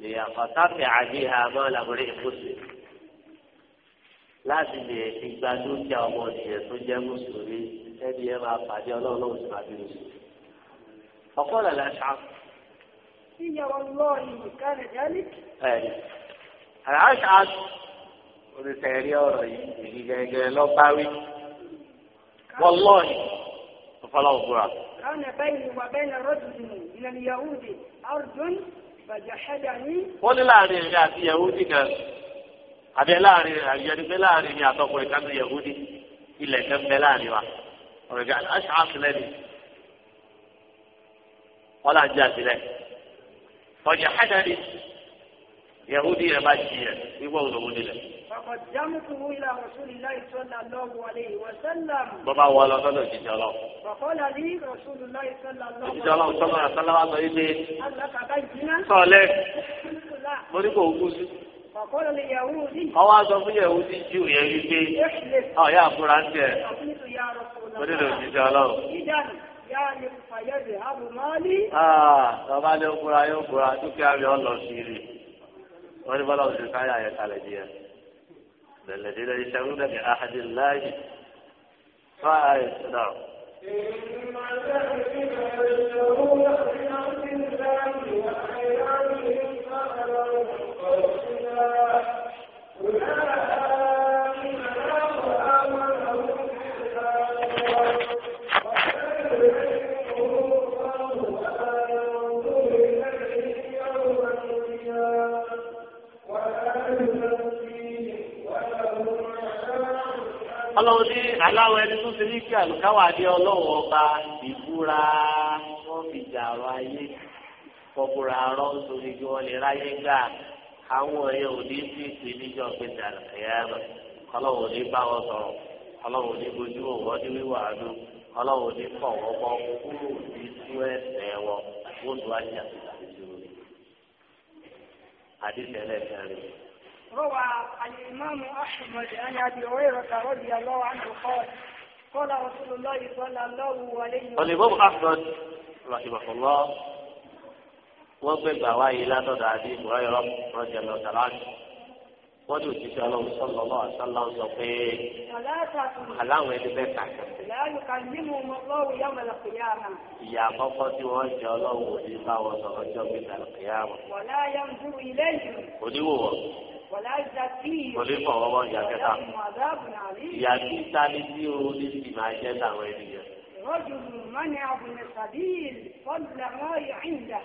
lè àfọ̀tàfẹ́ àdéhà mọ́ làbúrẹ́ ìkóso láti lè fi gba dúkìá ọmọ nìyẹn tó jẹ́ mùsùlùmí ẹni yẹn máa pàdé ọlọ́run tó máa bí mùsùlùmí. ọ̀pọ̀ lọ́la ṣá. ìyá ọlọ́ọ̀ni nìkan rẹ̀ dálé. ẹ̀ẹ́dì àṣà oníṣẹ́rí ọ̀rọ̀ yìí èyí gẹ́gẹ́ lọ́báwí. wọ́n lọ́ọ̀yìn ọ̀fọlọ́wọ́ búra. كان بيني وبين رجل من اليهود أرض فجحدني. قل لا يا يهودي كان àbí láàrin àyẹ̀dùgbé láàrin ní àtọkùn ìkànnì yahudi ilẹ̀ kẹ́mbẹ́ láàrin wa ọ̀rọ̀ ìgbà aṣọ àfilẹ́ ni wọ́n là ń jẹ́ àfilẹ́ ọjà hajjari yahudi yẹn bá jí yẹn wíwọ́ òdòwò nílẹ̀. فقدمته إلى رسول الله صلى الله عليه وسلم بابا ولا ولا جلال فقال لي رسول الله صلى الله عليه وسلم جلال صلى الله عليه وسلم قال لك بينا قال لك ọwọ́ aṣọ fún yẹ̀wù ti jù yẹn wípé ọ̀yà àfúrà ń tẹ̀ lórí òjijì ọlọ́run. Bàbá lé okura yóò kura dúkìá rẹ̀ ọ̀lọ́ sí i Wọ́n ní bọ́lá òṣèlú káyà yẹn kalẹ̀ díẹ̀. Bẹ̀lẹ̀ dídá iṣẹ́ rúdẹ̀ ní àhàdì láàyè. Fáà ẹ̀ sọ̀dọ̀. Ìmọ̀lẹ́ ìgbà ìṣòro ìrìnàjò ìlànà ìwà ẹ̀yà ìrìnàjò ọlọ́run ní aláwọ̀ ẹni tó ti ní kí àlùkáwà ní ọlọ́wọ́ ọba ìbúra wọ́n fi ọ̀rọ̀ ayé nítorí kí wọ́n lè ráyé gbà. àwọn èèyàn ò ní sí ìpín níjọ pété àlùkìyàmà ọlọ́run ò ní bá wọn sọ̀rọ̀ ọlọ́run ò ní bójú wò wọ́n wíwà àdó ọlọ́run ò ní kọ̀ wọ́n bọ́ kúrò ní sú ẹ̀sẹ̀ wọn wọ́n tó wá jà sí àdéjúrò rẹ̀. àdéjúrò kẹrin. روى الإمام أحمد عن أبي هريرة رضي الله عنه قال wọ́n gbé gbàwá yìí látọ̀dọ̀ àbí ìmúráyọ̀ rọ́jà lọ sàlájú wọ́n lò jíjẹ́ ọlọ́run sọ́lọ́ lọ́wọ́ àṣálá ń sọ pé aláwọn ẹni bẹ́ẹ̀ kà kẹ́. ìyá àkọ́kọ́ tí wọ́n jẹ́ ọlọ́run òní bá wọn sọ̀rọ̀ jọ bí kàlùkìyà wọn. oníwò wọn. òní fọwọ́ wọn yà kẹta. ìyá kí sani tí o ní sì máa jẹ́ táwọn ènìyàn. رجل منع ابن سبيل قبل ما عنده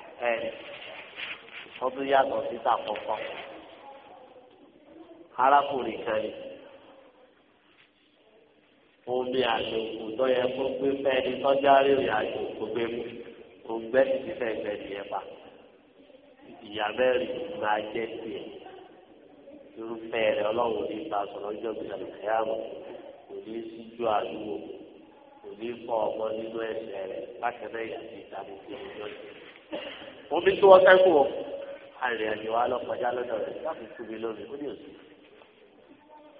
ó tún yàtọ̀ síta kọ̀ọ̀kan arákùnrin kan ni omi àjòkù tó yẹ kó gbé fẹ́ni tọ́jà rírì àjòkù gbé mu kó gbé ìdílé ìgbẹ́ni yẹn pa ìyá mẹ́rin máa jẹ́ tiẹ̀ irúfẹ́ rẹ̀ ọlọ́run ní ìgbà sọ̀rọ̀ ọjọ́ ìgbàlódé àmọ́ kò ní í síjú àdúgbò kò ní kọ́ ọmọ nínú ẹsẹ̀ rẹ̀ láti rẹ̀ yàtí ìtàbí tí ó yọ sí. mo bí kí wọ́n sẹ́kù o àrìn àjò wa lọ kọjá lọ́dọ̀ rẹ̀ láti túbi lónìí ó ní òsì.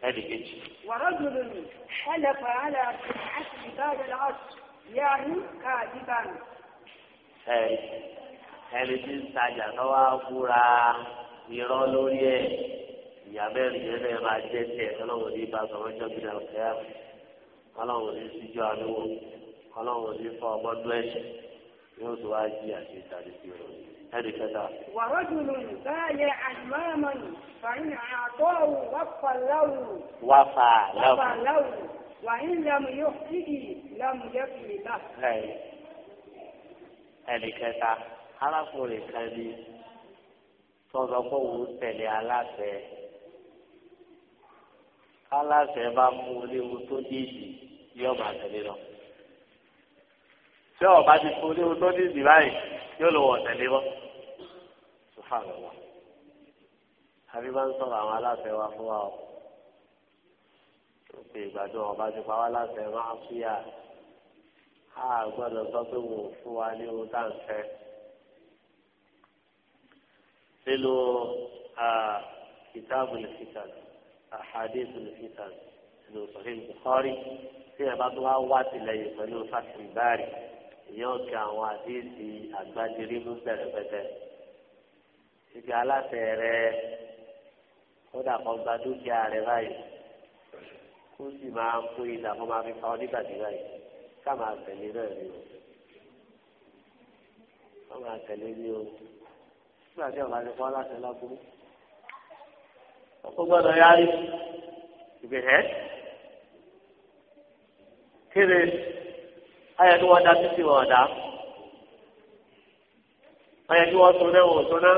ẹnì kejì. wàrà gbèrè mi ẹlẹ́pà àlà àti ìbáraẹ̀ lọ́sù yá ní káàdì báyìí. ẹ ẹni tí ń tajà náà wá búra irọ́ lórí ẹ̀ ìyá mẹ́rin yẹn náà máa jẹ́ tiẹ̀ ọlọ́run ní ìbá ọjọ́ gbìyànjú ọlọ́run ní síjú àdúgbò ọlọ́run ní fọ ọmọ dúẹ́sì yóò tó wá jí àti ìtàlẹ́sí rẹ̀ ẹnì kẹta. wàrọ̀ jùlọ báyẹ̀ àjùmọ́ọ̀mọ́ ni fàyín àtọ́wò wàfà láwù. wàfà láwù. wàyín lẹ́mu yóò fìdí lẹ́mu yẹ fìdí náà. ẹnì kẹta arákùnrin kan ní tọ́jọ́ kó tẹ̀lé aláṣẹ aláṣẹ bá mú léwu tó dídì yóò máa tẹ̀lé lọ. tí ọba ti fún léwu tó dídì báyìí yóò lọ wọ̀ tẹ̀lé mọ́. sùfàlù wa àbí bá ń sọ̀rọ̀ àwọn aláṣẹ wa fún wa o. ó pe ìgbàdo ọba ti pa wá láṣẹ máa fi à á gbọ́dọ̀ sọ pé wò ó fún wa léwu tá à ń fẹ́. lílo kìtàbù lè fi أحاديث الفتن في صحيح البخاري في بعض الأوقات لا يصلي فتح الباري يوكا وحديث أكبر مستربة ìgbà aláṣẹ rẹ kódà kan gba dúkìá rẹ báyìí kó sì máa ń kó ìlà kó máa fi pa ọ nígbàdí báyìí ká máa tẹ̀lé náà ni o ká máa tẹ̀lé ni o nígbà tí ọba ti kọ́ aláṣẹ lágbóró ó gbọ́dọ̀ yáyé ìgbè hẹ́ kéde ayẹ tí wọ́n da títí wọ́n dá ayẹ tí wọ́n tún náà wọ́n tún náà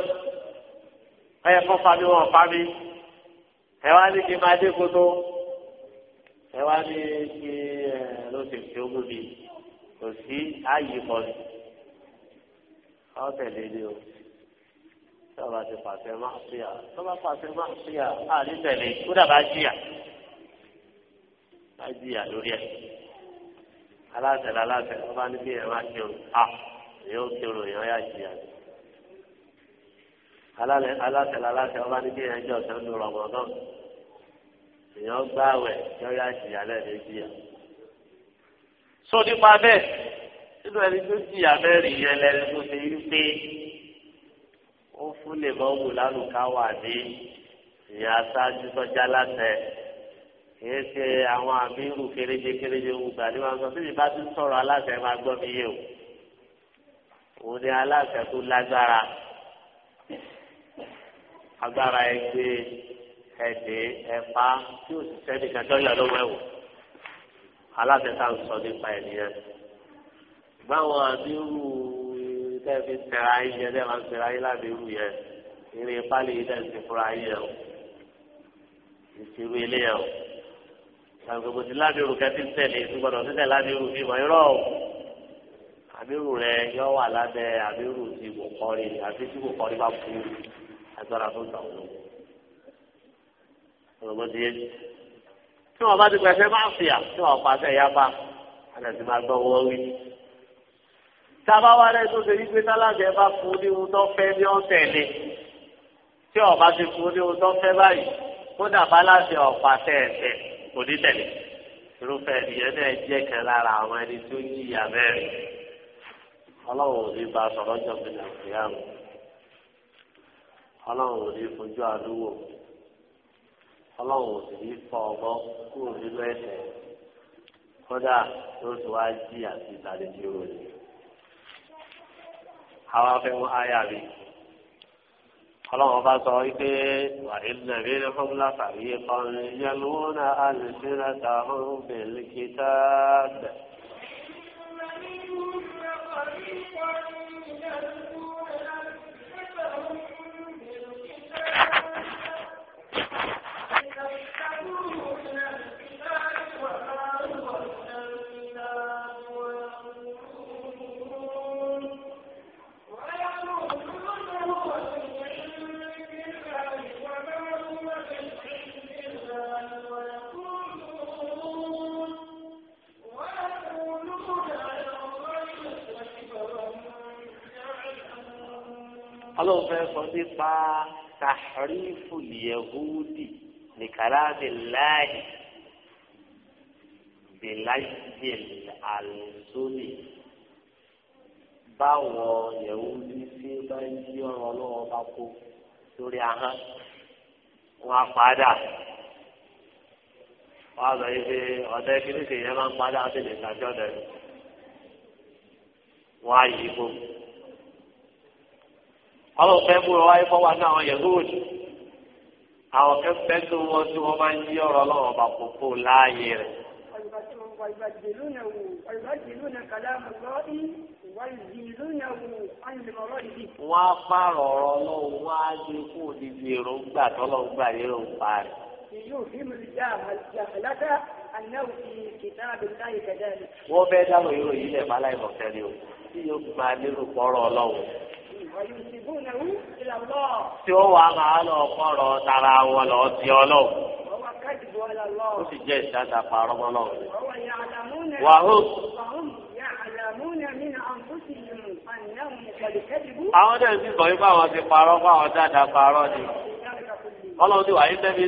ayẹ kọ́ fami wọ́n fami ẹ wá ní kí máa dé koto ẹ wá ní kí ẹ ló ti fi ó gbòdì kò sí ààyè kọ́ni ọ́ tẹ̀lé ni o tọ́ba ti pàṣẹ máa fi à tọ́ba pàṣẹ máa fi à á ní tẹ̀lé kódà bá jìyà bá jìyà lórí ẹ̀ aláṣẹ aláṣẹ ọba níbi ẹ̀ máa ṣe òun à yóò ṣe òun yóò yá jìyà aláṣẹ aláṣẹ ọba níbi ẹ̀ jọ sọ ní rọmọdán èèyàn gbá wẹ̀ yóò yá jìyà lẹ́ẹ̀mí jìyà. sódì pa bẹ́ẹ̀ nínú ẹni tó jìyà mẹ́rin yẹn lẹ́nu tó ṣe é pé ó lè bọ́ wù lálùká wà ní ìyá aṣáájú sọ́jà látẹ̀ kìí ṣe àwọn àmírù kéréje kéréje gbà ní wọn sọ síbi bá tún sọ̀rọ̀ aláṣẹ máa gbọ́ mi yé o òun ni aláṣẹ tó lágbára agbára ẹgbẹ́ ẹdẹ ẹ̀fà tí ó sì sẹ́ni kankan yọ lọ́wọ́ ẹ̀wọ̀ aláṣẹ tá à ń sọ nípa ẹ̀ nìyẹn gbáwọn àmírù tẹ́ fi sẹ̀ra yín yẹn tẹ́ máa sẹ̀ra yín láti irú yẹn eré pálí yìí tẹ́ fi fura yín yẹn o ìṣirò ilé yẹn o àgbègbè tí ládìrú kẹ́tí tẹ̀lé ìṣúgbọ́dọ̀ títẹ̀ ládìrú fi mọ̀ irọ́ o àbírù rẹ yọ wà lábẹ́ àbírù tí kò kọ́rí àbí tí kò kọ́rí bá kú agbára tó tàn ló. ọ̀rọ̀gbọ́dé tí wọ́n bá ti pẹ̀sẹ̀ máa fìyà tí wọ́n pàṣẹ yá bá alẹ́ ti máa gbọ́ wọ́n wí sábà wà lẹ́yìn tó ṣe yí pé tálàjẹ bá fún ní ohun tó fẹ́ ní ọ̀sẹ̀ ni tí ọba ti fún ní ohun tó fẹ́ báyìí kódà bá láti ọ̀pá tẹ̀ẹ̀tẹ̀ kò ní tẹ̀lé irúfẹ́ ènìyàn náà jẹ́ kan lára àwọn ẹni tó jìyà mẹ́rin ọlọ́run ò ní bá a sọ̀rọ̀ jọ bí nàìjíríàmù ọlọ́run ò ní fojú àdúgbò ọlọ́run ò sì ní fọ ọgbọ́ kúrò nínú ẹ̀ṣẹ̀ kódà yóò wá jí àti ìtàlẹ́jì rò nìyẹn àwọn afẹ́wọ́n àyà mi. ọlọ́run bá sọ wípé wà ilẹ̀ mi ní fún lásàrí kan yẹlúwọ́n àlùsílẹ̀ tààrùn bẹ̀lì kìtà bẹ̀. ọlọ́run fẹ́ sọ nípa tàhrífù yẹ̀húdì li kalami Allahi bìláyìí àlùsólì báwo yẹ̀húdì ṣe bá yí ọ̀rọ̀ ọlọ́run bá kó lórí ahọ́n wọn á padà wọn á lọ yí pé ọ̀dẹ́ yẹn máa ń padà sí lè gbàjọ́ dẹ̀ á yí gbogbo. ọlọ́run fẹ́ mú wáyé fọ́ wá àwọn yahudi àwọn tó wọ́n tí wọ́n máa ń yí ọ̀rọ̀ ọlọ́run ọba kókó láàyè rẹ̀. wọ́n á pààrọ̀ ọ̀rọ̀ ọlọ́run wọ́n á gbé kó odidi èròǹgbà rẹ̀. wọ́n dáhùn ìròyìn máa láì mọ̀ fẹ́ ni o tí yóò ọlọ́run. tí ó wà máa lọ kọ́rọ̀ tara wọn lọ sí ọlọ́run ó sì jẹ́ ìdáta parọ́ náà. wàhó. àwọn sọ ti parọ́ fún àwọn parọ́ ni. ọlọ́run ti wà ní tẹ́bí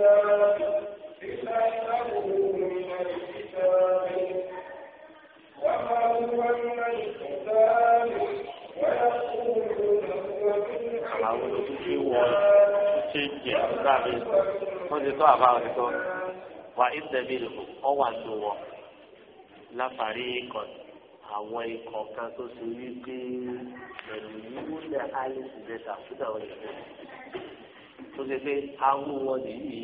wọ́n ti tọ́ àfa wọn ti tọ́ wà ìdẹ̀bí ọwà tó wọ láfàrí ikọ̀ àwọn ikọ̀ kan tó ṣe wípé pẹ̀lú ìwúlẹ̀ àìsí bẹ́tà fúdà wọlé bẹ́tà tó ṣe pé awó wọn nìyí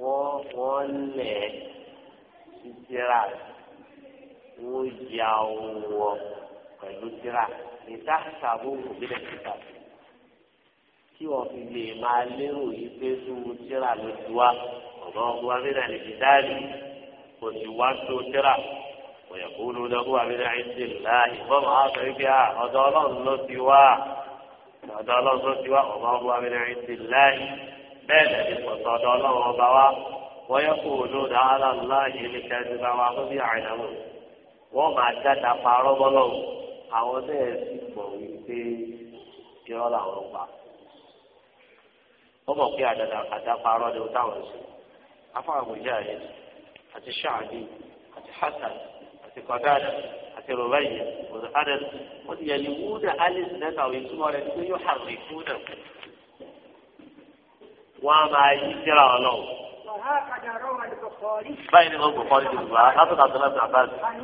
wọ́n wọ́n lẹ̀ títíra wọ́n ya ohun wọn pẹ̀lú tíra níta sàbò òbílẹ̀ kíkà kí wọ́n fi lè máa lérò yìí pé sùúrù tíra ló ti wá ọ̀gá ọgbọ́n abẹ́rẹ́ àlejò dáàbì kò sì wá tó tíra òyìnbó ló lọ́gbọ́n abẹ́rẹ́ àìsè láàyè bọ́ọ̀mù àwọn sọ wípé ọ̀dọ́ ọlọ́run ló ti wá. ọ̀dọ̀ ọlọ́run ti wá ọ̀bá ọba ti láì bẹ́ẹ̀ ọlọ́run ọba wa ní wa bí wọ́n máa dáta parọ́ àwọn wípé làwọn pa mọ̀ pé àdàdà àdá parọ́ ni táwọn afọ yẹn àti àti hasan àti àṣẹrò báyìí ọ̀dọ̀ adẹ́n wọ́n ti yẹ ní wúdà alice nẹ́ta òye túmọ̀ rẹ̀ pé yóò hàrùn ìfúnà wọ́n á máa yí síra wọn lọ. báyìí ni wọ́n kò kọ́ ní ìgbà látọ̀dọ̀ àtọ́lá bí abáàlì. wọ́n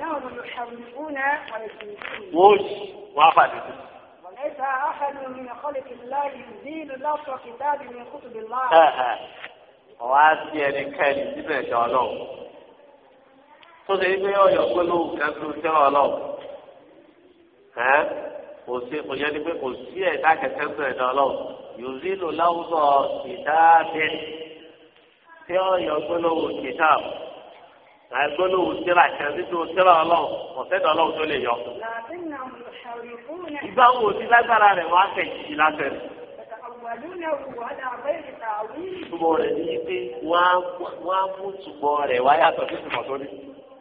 ṣì wọ́n á pàdé tó. وليس أحد من خلق الله يزيل لفظ كتاب من كتب الله. Ọ̀wá sí ẹnikẹ́ni nínú ẹ̀dá ọlọ́run tó ṣe pé ọyọ pé ló kẹsùn sí ọlọ ẹ kò sí kò yẹ ni pé kò sí ẹ̀dá kẹsẹ sọ ẹ̀dá ọlọ yòzí lò láwùjọ ìdáàbẹ tí ọyọ pé ló wò kìtà àgbélówó tíra kẹsí tó tíra ọlọ ọ̀sẹ̀ tó ọlọ tó lè yọ. ìgbà wo ti lágbára rẹ̀ wá kẹ̀ jì lásẹ̀ rẹ̀ rẹ̀ ní pé wọ́n á mú túbọ̀ rẹ̀ wá yàtọ̀ sí túbọ̀ tó ní.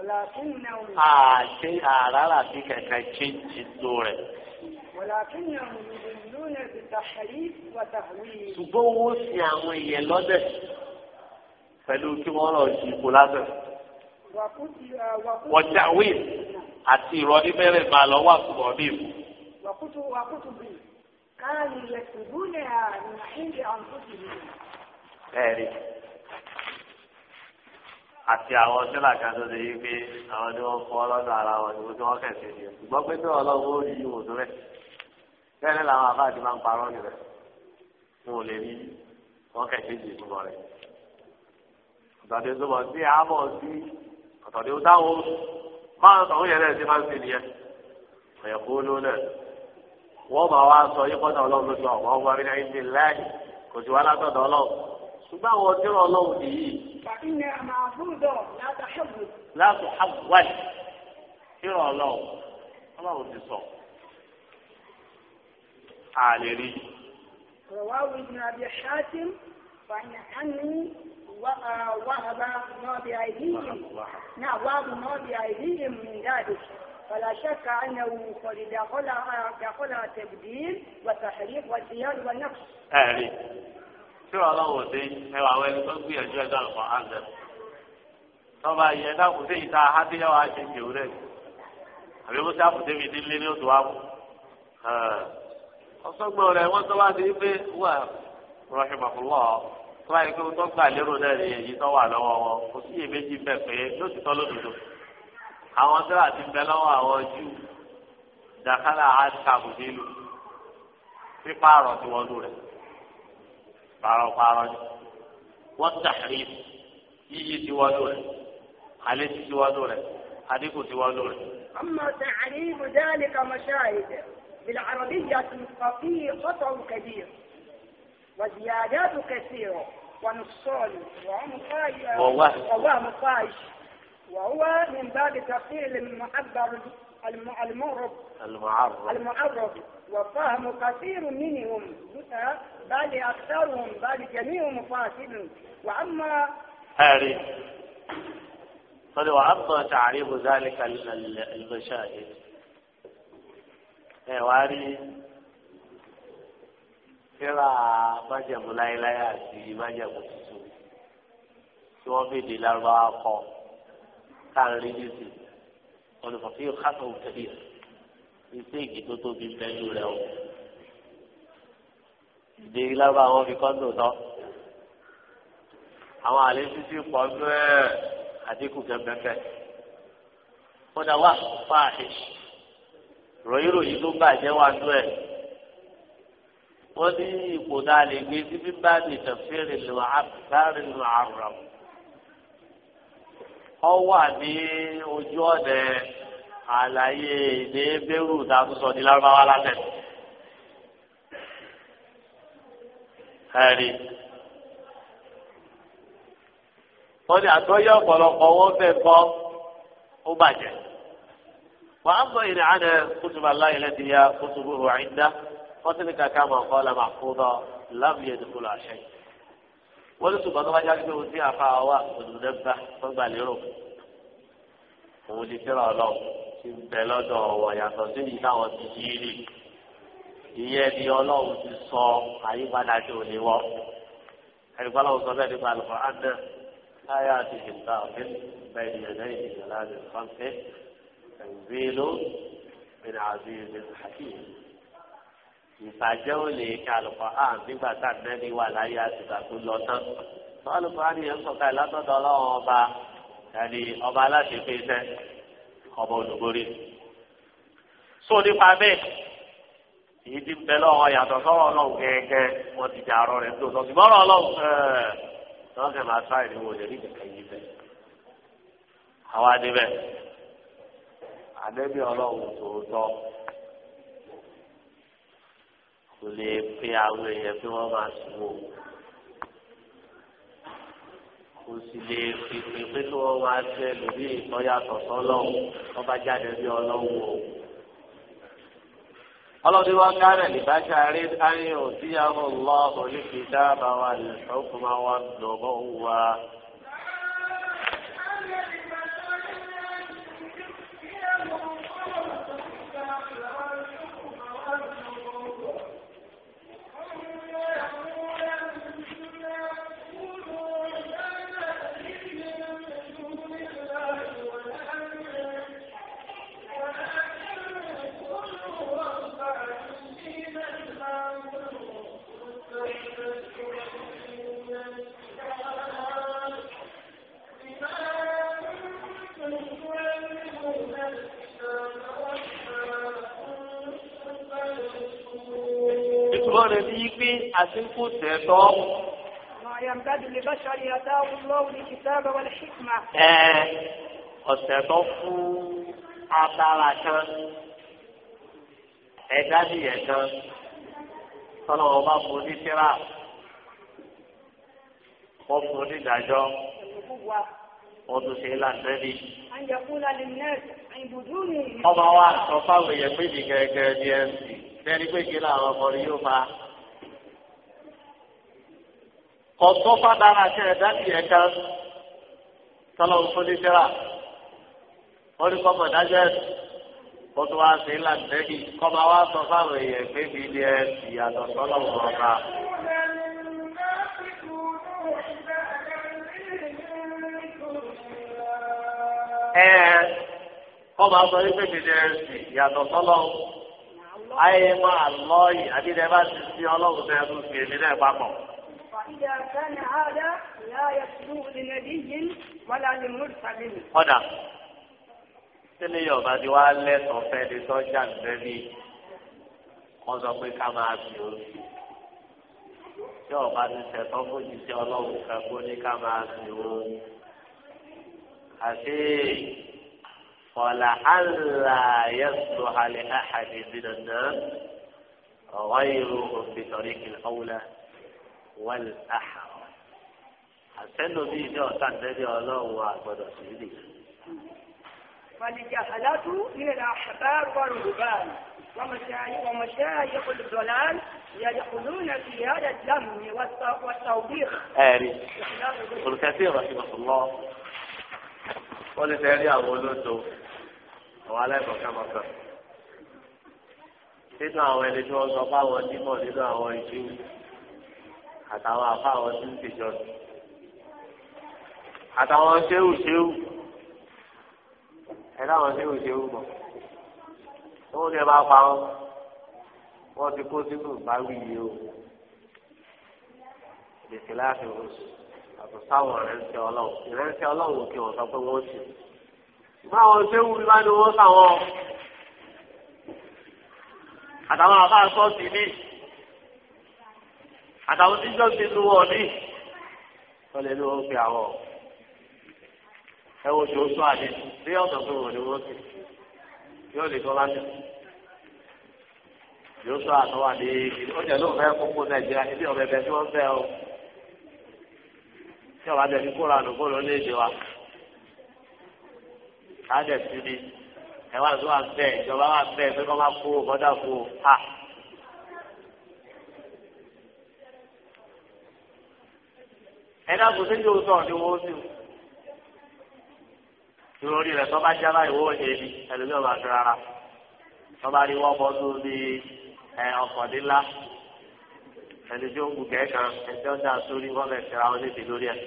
àti àràrà bí kẹ̀kẹ́ chíńchì tó rẹ̀. ṣùgbọ́n owó sí àwọn èèyàn lọ́dẹ̀ pẹ̀lú kí wọ́n lọ sí ipò lábẹ́. wọ́n jáwé àti ìrọ̀lẹ́ mẹ́rin máa lọ wà fún ọ̀bí ìbò. ẹ̀rí. àti àwọn ṣẹlá kan tó ṣe pé àwọn ni lọ́dọ̀ ara wọn ni ni ṣùgbọ́n pé ọlọ́run ó rí ìwò tó bẹ́ẹ̀ ni làwọn máa ń parọ́ lè rí tó sí sí máa ń yẹn máa ń sè nìyẹn kó ló náà bá wa sọ yí kọ́tà ọlọ́run فإنها معبودة لا تحول لا تحول إلى الله الله تصاب علي رواه ابن أبي حاتم فإن عني آه، وهب ما بأيديهم نعم وهب ما بأيديهم من ذلك فلا شك أنه قد تبديل وتحريف وزيادة والنقص أهلي tí wọn lọ wò dé ẹwà àwọn ẹni gbìyànjú ẹjọ àlùkò àǹdẹ tọba yẹ dákun sí ìta adéyà wa ṣe jèwú rẹ àbí mo ti àkùté mi nílé ní oṣù wàmú ọsọgbọn rẹ wọn tọba ti pé wà rọṣìmọkùlọ tọba yìí pé tó gbà lérò náà ní èyí tó wà lọ́wọ́ wọn kò sí iyèméjì bẹ́ẹ̀ pé lóṣìṣọ lódodo àwọn tó àti bẹ lọ́wọ́ àwọn jù dàkálà àti kàbùdélù pípa àrọ tí lù rẹ. pàrọ̀pàrọ̀ wọ́n والتحريم يجي سوى دوله rẹ̀ سوى ti ti سوى rẹ̀ أما تعريف ذلك مشاهد بالعربية ففيه خطأ كبير وزيادات كثيرة ونقصان ووهم فاحش وهو من باب تقليل المعبر المعرب المعرب المعرب وفهم كثير منهم بل أكثرهم بل جميعهم فاسد وأما هاري فلو وأما تعريف ذلك المشاهد واري kíra májẹ̀mú láéláé àti májẹ̀mú tuntun tí wọ́n fi di lárúbáwá kọ káàrin nísìnyí olùkọ́ fi hàn òun tẹ̀lé yẹn ìséèkì tó tóbi pẹ̀lú rẹ̀ o ìdè lábà wọn fi kọ́ńdò tọ́ àwọn àlejò ti pọ̀ ju ẹ̀ àdínkù kẹ́kẹ́kẹ́ kódà wà fáàhì ròyìnròyìn tó bàjẹ́ wà ju ẹ̀ wọ́n ní ipò tá a lè gbé sí bíbá ní tẹ̀fẹ́rì lọ́wọ́ àbùkárì lọ́wọ́ àrùn ọ̀wà ní ojú ọ̀dẹ àlàyé èdè bẹ́rù tá a tún sọ ní lárúbáwá lásẹ̀. ẹ̀rí wọ́n ní àtọ́yé ọ̀pọ̀lọpọ̀ wọ́n fẹ́ kọ́ ó bàjẹ́. wà á mọ ìrìn àná kùtùbà láyé lẹ́dí ya kùtùbù rò àyíndá wọ́n ti ní kàkà mọ̀ kọ́ lẹ́mọ̀ àkúrò lábìyẹ dùkúlù àṣẹ. wọ́n ní ṣùgbọ́n tó bá jáde pé o àfa wa òdùdẹ́gbà tó gbà lérò òun ti tẹ́lọ̀ ọlọ́run ti ń bẹ lọ́dọ̀ ọ̀wọ̀ yàtọ̀ sí èyí táwọn ti yí rí ìyẹn ni ọlọ́run ti sọ àyípadà tí ò ní wọ́ ẹ̀rùkọ́ ọlọ́run sọ bẹ́ẹ̀ nípa àlùkò ádẹ́ láyé àti ìgbà òfin bẹ́ẹ̀ ni ẹ̀dá ìdìbò láti kọ́ńtẹ́ ẹ̀ǹbíló ìrìn àti ìrìn àti ìbàjẹ́ ò lè ka àlùkò hàn nígbà tá àdẹ́ni wà láyé àti ìgbà tó lọ tán àlùkò hàn yẹn sọ̀ka ìlàtọ̀dọ̀ ọlọ́run ọba ẹni ọba aláṣẹ sẹ́ ọba olùborí so nípa bẹ́ẹ̀ èyí ti bẹ lọ́wọ́ ti tó lè rí yìí àwa kò lè pe àwọn èèyàn tí kò sì lè pèpè pé kí wọ́n wá sí ẹlòmí ìtọ́yàtọ̀ sọ́lọ́hún wọ́n bá jáde bí ọlọ́hún o. ọlọ́dún wọn kárẹ̀ nígbàjá rí ayé òdíyàwó lọ́ọ̀ọ́ nífi dáàbà wa lè fọ́kùnmá wa ti yí pé àsìkò tẹ̀tọ́. ẹ ọ̀sẹ̀ tó fún abala kan ẹ̀dá nìyẹn kan tọ́lọ̀ wọn bá fún ní tíra wọ́n fún ní ìdájọ́ wọ́n tún ṣe é lànàbí. ọba wa sọ fáwọn èèyàn méjì gẹ́gẹ́ ní ẹ̀sìn lẹ́ni pé kí làwọn ọmọ rẹ yóò máa ọ̀tún fàdára kẹ ẹ̀dá tiẹ̀ kan tọ́lọ̀ fún ní sẹ́ra wọ́n ní kọ́ mọ̀dájọ́ ẹ̀sìn wọ́n tún wá sí ìlànà nẹ́bí kọ́ máa wá sọ fáwọn èèyàn pé mi ni ẹ ìyàtọ̀ tọ́lọ̀ wọn ọba. ẹ kọ́ máa sọ wípé mi ni ẹ ìyàtọ̀ tọ́lọ̀ ayé máa lọ́ọ̀yì àbí ẹ bá ti sí ọlọ́run tẹ́ ẹ tún fi èmi náà papọ̀. إذا كان هذا لا يسلو لنبي ولا لمرسل هنا tẹ́lẹ̀ yóò bá di wá lẹ́sàn fẹ́ di sọ́jà nbẹ́bí wọ́n sọ pé ká máa bì ó sí ọba ti tẹ̀tọ́ fòjì sí ọlọ́run kan ní ká máa bì ó àti fọlá àlà yẹsùn àlẹ́ àhàdì ìdìdàn náà ìrù òfin tọ̀rí kìlọ̀ ọ̀wúlẹ̀ wọ́n àhà àtẹ́lò bíi ní ọ̀tá nẹ́bí ọlọ́run àgbọ̀dọ̀ sí ilé. والجهلات من الأحبار والرهبان ومشايخ الضلال يدخلون في هذا الدم والتوبيخ. آري. ابن كثير رحمه الله. ولتالي أولوته وعلى كما كان. nínú àwọn ẹni tí wọ́n sọ fáwọn onímọ̀ nínú àwọn ìṣirò àtàwọn afáwọn tí ń tìjọ àtàwọn ṣéwù ṣéwù ẹ láwọn ṣéwù ṣéwù mọ wọn ní ẹ máa pa wọn wọn ti kó sínú ìbáwí yìí o gbèsè láti oṣù àtọ̀ sáwọn ìrẹsẹ̀ ọlọ́run ìrẹsẹ̀ ọlọ́run kí wọ́n sọ pé wọ́n ṣe ṣùgbọ́n àwọn ṣéwù bí wọ́n ní wọ́n sàwọn àtàwọn àbá sọ́ọ̀tì bíi àtàwọn oníjọ́ ti lu wọ̀ ní tọ́lẹ̀ ló ń fi àwọ̀ ẹ wo ṣòwò àdé bí ọ̀sán tó wọ̀ ni wọ́n ti yóò lè tọ́ láti yóò sọ àtọwà ní ọjà ló fẹ́ kókó nàìjíríà níbi ọ̀bẹ bẹ tí wọ́n fẹ́ o tí ọba bẹ fi kóra àdúgbò lọ ní èdè wa ká sí ni ẹ wá lọ́wọ́ àbẹ̀ ìjọba wà bẹ́ẹ̀ pé kọ́ máa kó o kọ́ kó o ẹ̀dá kò sí yóò sọ̀ ní wọ́n sí o. Ìròrí rẹ̀ tọ́ba já báyìí wọ́n ṣe ni ẹlòmíì ọba fi rárá. Tọ́ba rí wọ́n bọ́ tó bí ọkọ̀dínlá. Ẹni tí ó ń gùn kẹ́kàn ẹjọ́ dá sórí wọ́n bẹ̀ tẹ̀ra wọn níbi lórí ẹ̀.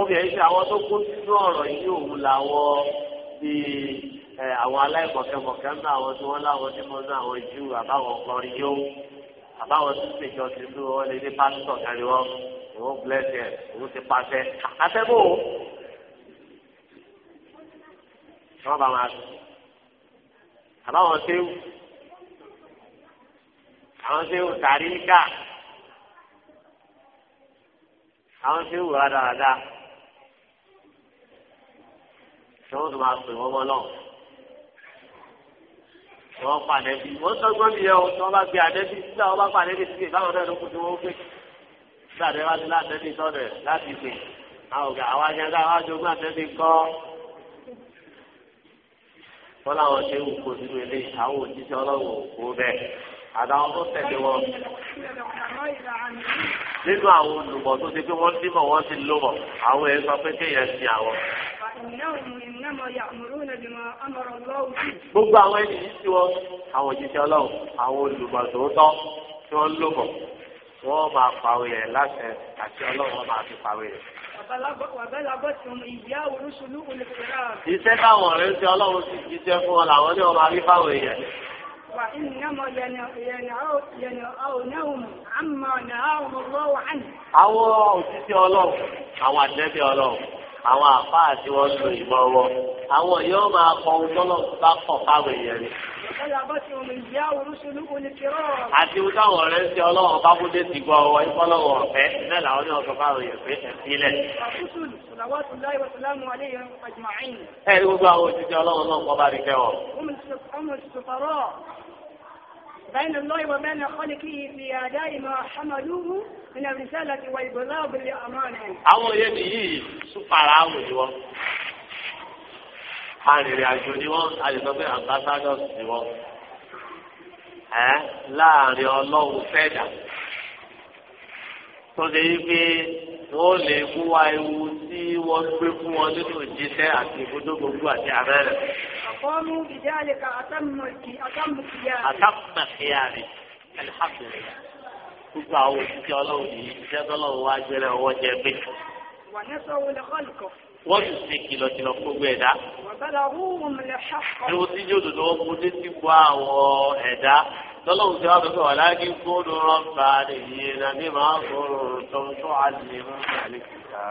Obìnrin ṣe àwọn tó kó sínú ọ̀rọ̀ yìí òun làwọn bíi àwọn aláìmọ̀kẹ́mọ̀kẹ́ ń bá àwọn tí wọ́n láwọn tí mo ná àwọn jù àbáwọn ọkọ̀ yóò àbáwọn tó ṣèjọ ti dú wọn lè dé pásítọ̀ kárí wọn ìwọ bílẹ̀sì ẹ̀ òun ti pàṣẹ àtẹ́bò wọn bá máa sùn àbáwọn séwù àwọn séwù tàrí níkà àwọn séwù rádaràda tí wọn tún máa pè wọn mọ́ náà wọ́n pa àdẹ́bí wọ́n sọ́gbọ́n mi yẹ o tí wọ́n bá gbé àdẹ́bí tí àwọn bá pa àdẹ́bí sílẹ̀ báwọn náà ló kù tí wọ́n gbé sílẹ̀ wá sí látẹ́bí sọ́dẹ̀ láti gbé àwọn ọ̀gá àwọn ajẹ́gá àwọn ajogún àtẹ́bí kọ́ wọ́n láwọn ṣe ń kó sínú ilé àwọn òjíṣẹ́ ọlọ́wọ́ òkú bẹ́ẹ̀ àtàwọn tó tẹ̀lé wọn. nínú àwọn olùmọ̀ tó ti pé wọ́n dímọ̀ wọ́n ti lómọ̀ àwọn èèyàn sọ pé kéèyàn sin àwọn gbogbo àwọn ènìyàn tí wọ́n àwọn òjíṣẹ́ ọlọ́run àwọn olùgbọ̀ tòótọ́ tí wọ́n lòbọ̀ wọ́n máa pàwé rẹ̀ láṣẹ àti ọlọ́run máa fi pàwé rẹ̀. iṣẹ́ táwọn ọ̀rẹ́ ti ọlọ́run sì jíṣẹ́ fún wọn làwọn ní wọn rí fáwọn èèyàn. àwọn òṣìṣẹ́ ọlọ́run àwọn àdẹ́bẹ̀ ọlọ́run àwọn àfáà tí wọ́n lo ìmọ̀ wọn àwọn yóò máa kọ ohun bá kọ̀ fáwọn èèyàn ni. àti ohun táwọn ọ̀rẹ́ ń ṣe ọlọ́wọ́n bá kú dé ti gbọ́ ọwọ́ ìfọ́lọ́wọ́ ọ̀fẹ́ làwọn ní ọ̀sán fáwọn èèyàn pé ẹ̀sílẹ̀. ẹ̀rí gbogbo àwọn òṣìṣẹ́ ọlọ́wọ́n náà kọ́ bá rí kẹ́wọ̀n. بين الله وبين خلقه في أداء ما حملوه من الرسالة والبلاغ بالأمانة àwọn yẹn nìyí sùpàrà àwọn ìwọ arìnrìnàjò ni wọn àyùsọ pé ambassadors ni wọn ẹ láàrin Ọlọ́run fẹ́dà tó ṣe yí pé tó lè mú wa ewu tí wọ́n gbé fún wọn nínú ìjíṣẹ́ àti ìbúdó gbogbo àti abẹ́rẹ́. àkọ́nú ìdí àlèkà àtàmùkìyà rẹ̀ alihamdulilayi gbogbo àwọn òṣìṣẹ́ ọlọ́run yìí iṣẹ́ tọ́lọ́run wá gbẹ́rẹ́ ọwọ́ jẹ pé. wà ní sọ wọlé kọ́lùkọ́ wọ́n sì ṣe kìlọ̀kìlọ̀ gbogbo ẹ̀dá. ìwọ tí yóò dòdò wọn mú ní tọ́lọ́hùn ti wá pẹ̀lú ọ̀làjì kúrò بما كنتم تعلمون máa kúrò tọ́jú àlè mú àlè kìkà.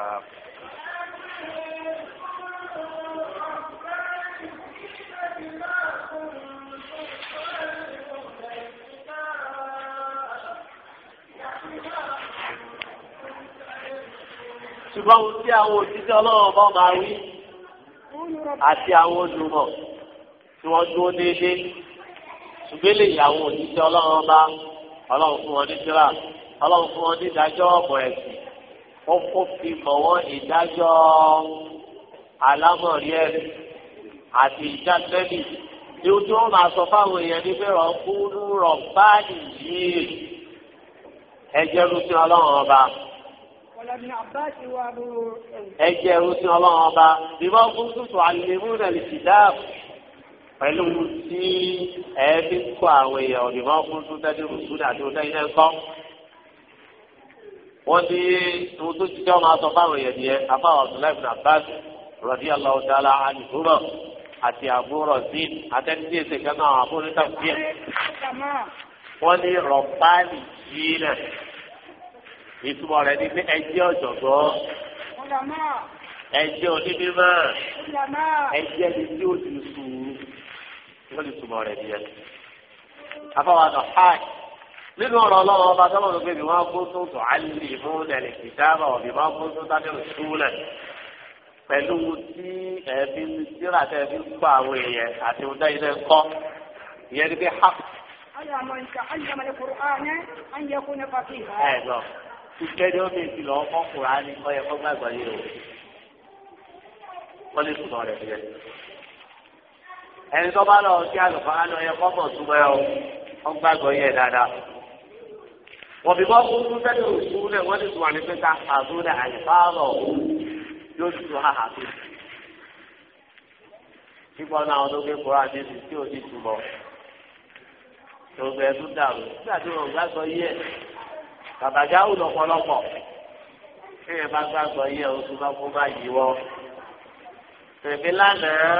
ṣùgbọ́n ohun tí àwọn òṣìṣẹ́ ọlọ́run bá máa rí àti àwọn olùmọ̀ tí wọ́n dúró déédéé ṣùgbọ́n lè yàwó òṣìṣẹ́ ọlọ́run bá ọlọ́run fún wọn ní síra ọlọ́run fún wọn ní ìdájọ́ ọ̀pọ̀ ẹ̀sìn ó kó fi mọ̀ wọ́n ìdájọ́ alámọ̀rí ẹ̀rí àti ìjàgbẹ́bì ewu tí wọ́n máa sọ fáwọn èèyàn ní pé rọ̀kúrú rọ̀báàdì yìí ẹ̀jẹ̀ rú sí ọlọ́run ọba ẹ̀jẹ̀ rú sí ọlọ́run ọba bíbọ́ kúndùtù àlèmúnà lè fi dáàbò pẹ̀lú tí ẹ̀ẹ́dì kó àwọn èèyàn òdìmọ́ fún súndájú rùsúdà tó dẹ́yìn náà kọ́. wọ́n ti ohun tó ti jẹ́ ọmọ asọ fáwọn èèyàn yẹn afáwọn abdullahi bin abbas rọ̀dí aláwọ̀ dàlá àdìgbòrò àti àbúrò sí àtẹ́tí èsè náà àbúrò tàbí ẹ̀. wọ́n ní rọ̀báàlì yìí náà ìtumọ̀ rẹ̀ ní ẹjẹ́ ọ̀jọ̀gbọ́n ẹjẹ́ onímọ̀ ẹjẹ́ ni tí ó ti sùn wọ́n lè túmọ̀ rẹ̀ bí ẹ. afọwọ́n àtọ̀ háì nínú ọ̀rọ̀ ọlọ́run ọba tọ́lọ́ ló gbé bí wọ́n kó tó tó àlè fún ẹ̀lẹ́ ìdáàbà ọ̀bí wọ́n kó tó tábìlì súnlẹ̀ pẹ̀lú tí ẹ̀bí síra tẹ̀ fi ń kọ́ àwọn èèyàn àti ọ̀dá ilẹ̀ ń kọ́ ìyẹn ni pé ha. ẹ lọ kíkẹ́ni ó bèèrè lọ ní kọ́ yẹ kó gbàgbọ́ yìí o wọ́n lè sùn lọ ẹni tó bá lọ sí àlùfáà lọ yẹ kọ́ bọ̀ túbọ̀ ẹ o wọ́n gbàgbọ́ yẹ dáadáa. wọ́n fi bọ́ fún fún sẹ́ni òṣù rẹ̀ wọ́n ti wà ní pé àbúrò rẹ̀ àlùfáà yóò ti tún àhà tó. bíbọ́ náà wọn tó gbé kóra ní ti tí ò ní túbọ̀. ìrògbẹ́ tó dàrú nígbà tí wọ́n gbàgbọ́ yẹ bàbàjá ò lọ́pọ̀lọpọ̀ kéèyàn bá gbàgbọ́ yẹ oṣù bá kó bá yìí wọ́. pèpè lánàá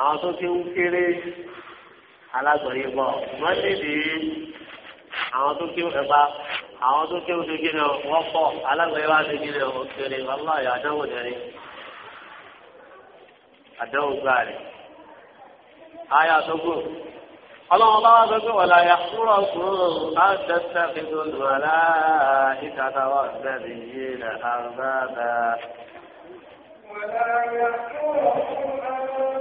àwọn tó ti ń kéré alágbọ̀nyé bọ̀ wọ́n ti di àwọn tó ti ń ẹ̀bá àwọn tó ti ń segin náà wọ́n pọ̀ alágbọ̀nyé bá segin náà ó kéré wàláyà àdáwò dẹ́rẹ́ àdáwò gbáà rẹ̀ tó gbò ọlọ́run bá wá sọ pé wọ́n láyà kúrọ̀ kúrò àtẹ̀tẹ̀ fíjọ lùwàlá ìkàtà wà bẹ́ẹ̀ yé rẹ̀ àrùbá wọ́n láyà kúrọ̀ kúrò àtẹ̀tẹ̀.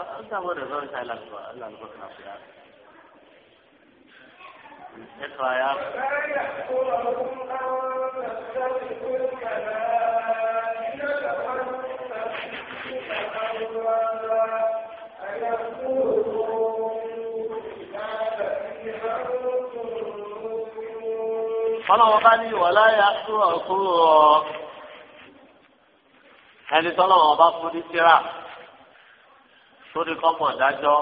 أقدم الرزاق على البطن اقرأ يا ọlọ́wọ́ bá ní ìwọ̀lá yà kúrò kúrò ẹni tọ́lọ́wọ́ bá fún ní tíra sórí kọ́mọ̀ dájọ́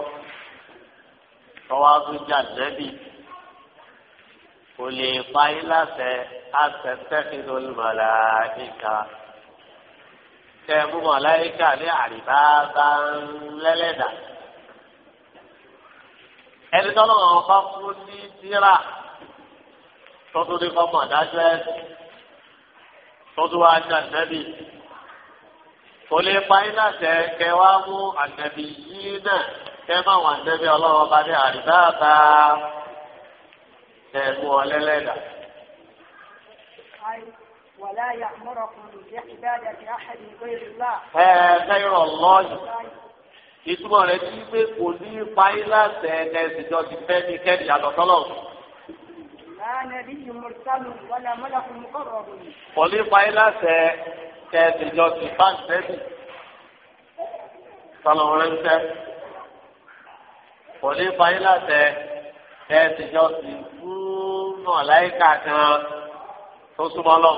tọ́wá tó jà lẹ́bi kò lè pa yín láṣẹ àtẹ̀tẹ̀kìlú màláìka tẹ̀ mú màláìka ní àríbá bá ń lẹ́lẹ́dà ẹni tọ́lọ́ wọn fún ní tíra tọ́tún ní kọ́mọ̀ dájọ́ ẹ̀ tọ́tún wá jà lẹ́bi kò lè pa iná tẹ kẹ wá mú ànàbì yìí náà kẹ má wà ànàbì ọlọ́wọ́ bá ní àrídáàbá kẹ mú ọ lẹ́lẹ́dà. ولا يأمركم بعبادة أحد غير الله. غير الله. ìtumọ̀ rẹ̀ ti pé kò ní parí láti ẹ̀ẹ́dẹ́ ìjọ ti fẹ́ ní kẹ́ni àlọ́tọ́lọ́. لا نبي مرسل kẹ́ẹ̀sì jọ sí báńkì lẹ́bì sọlọ́wọ́ rẹ́ńtẹ́ kò ní fayé látẹ̀ kẹ́ẹ̀sì jọ sí fún ọ̀láyíká kan tó súnmọ́ lọ.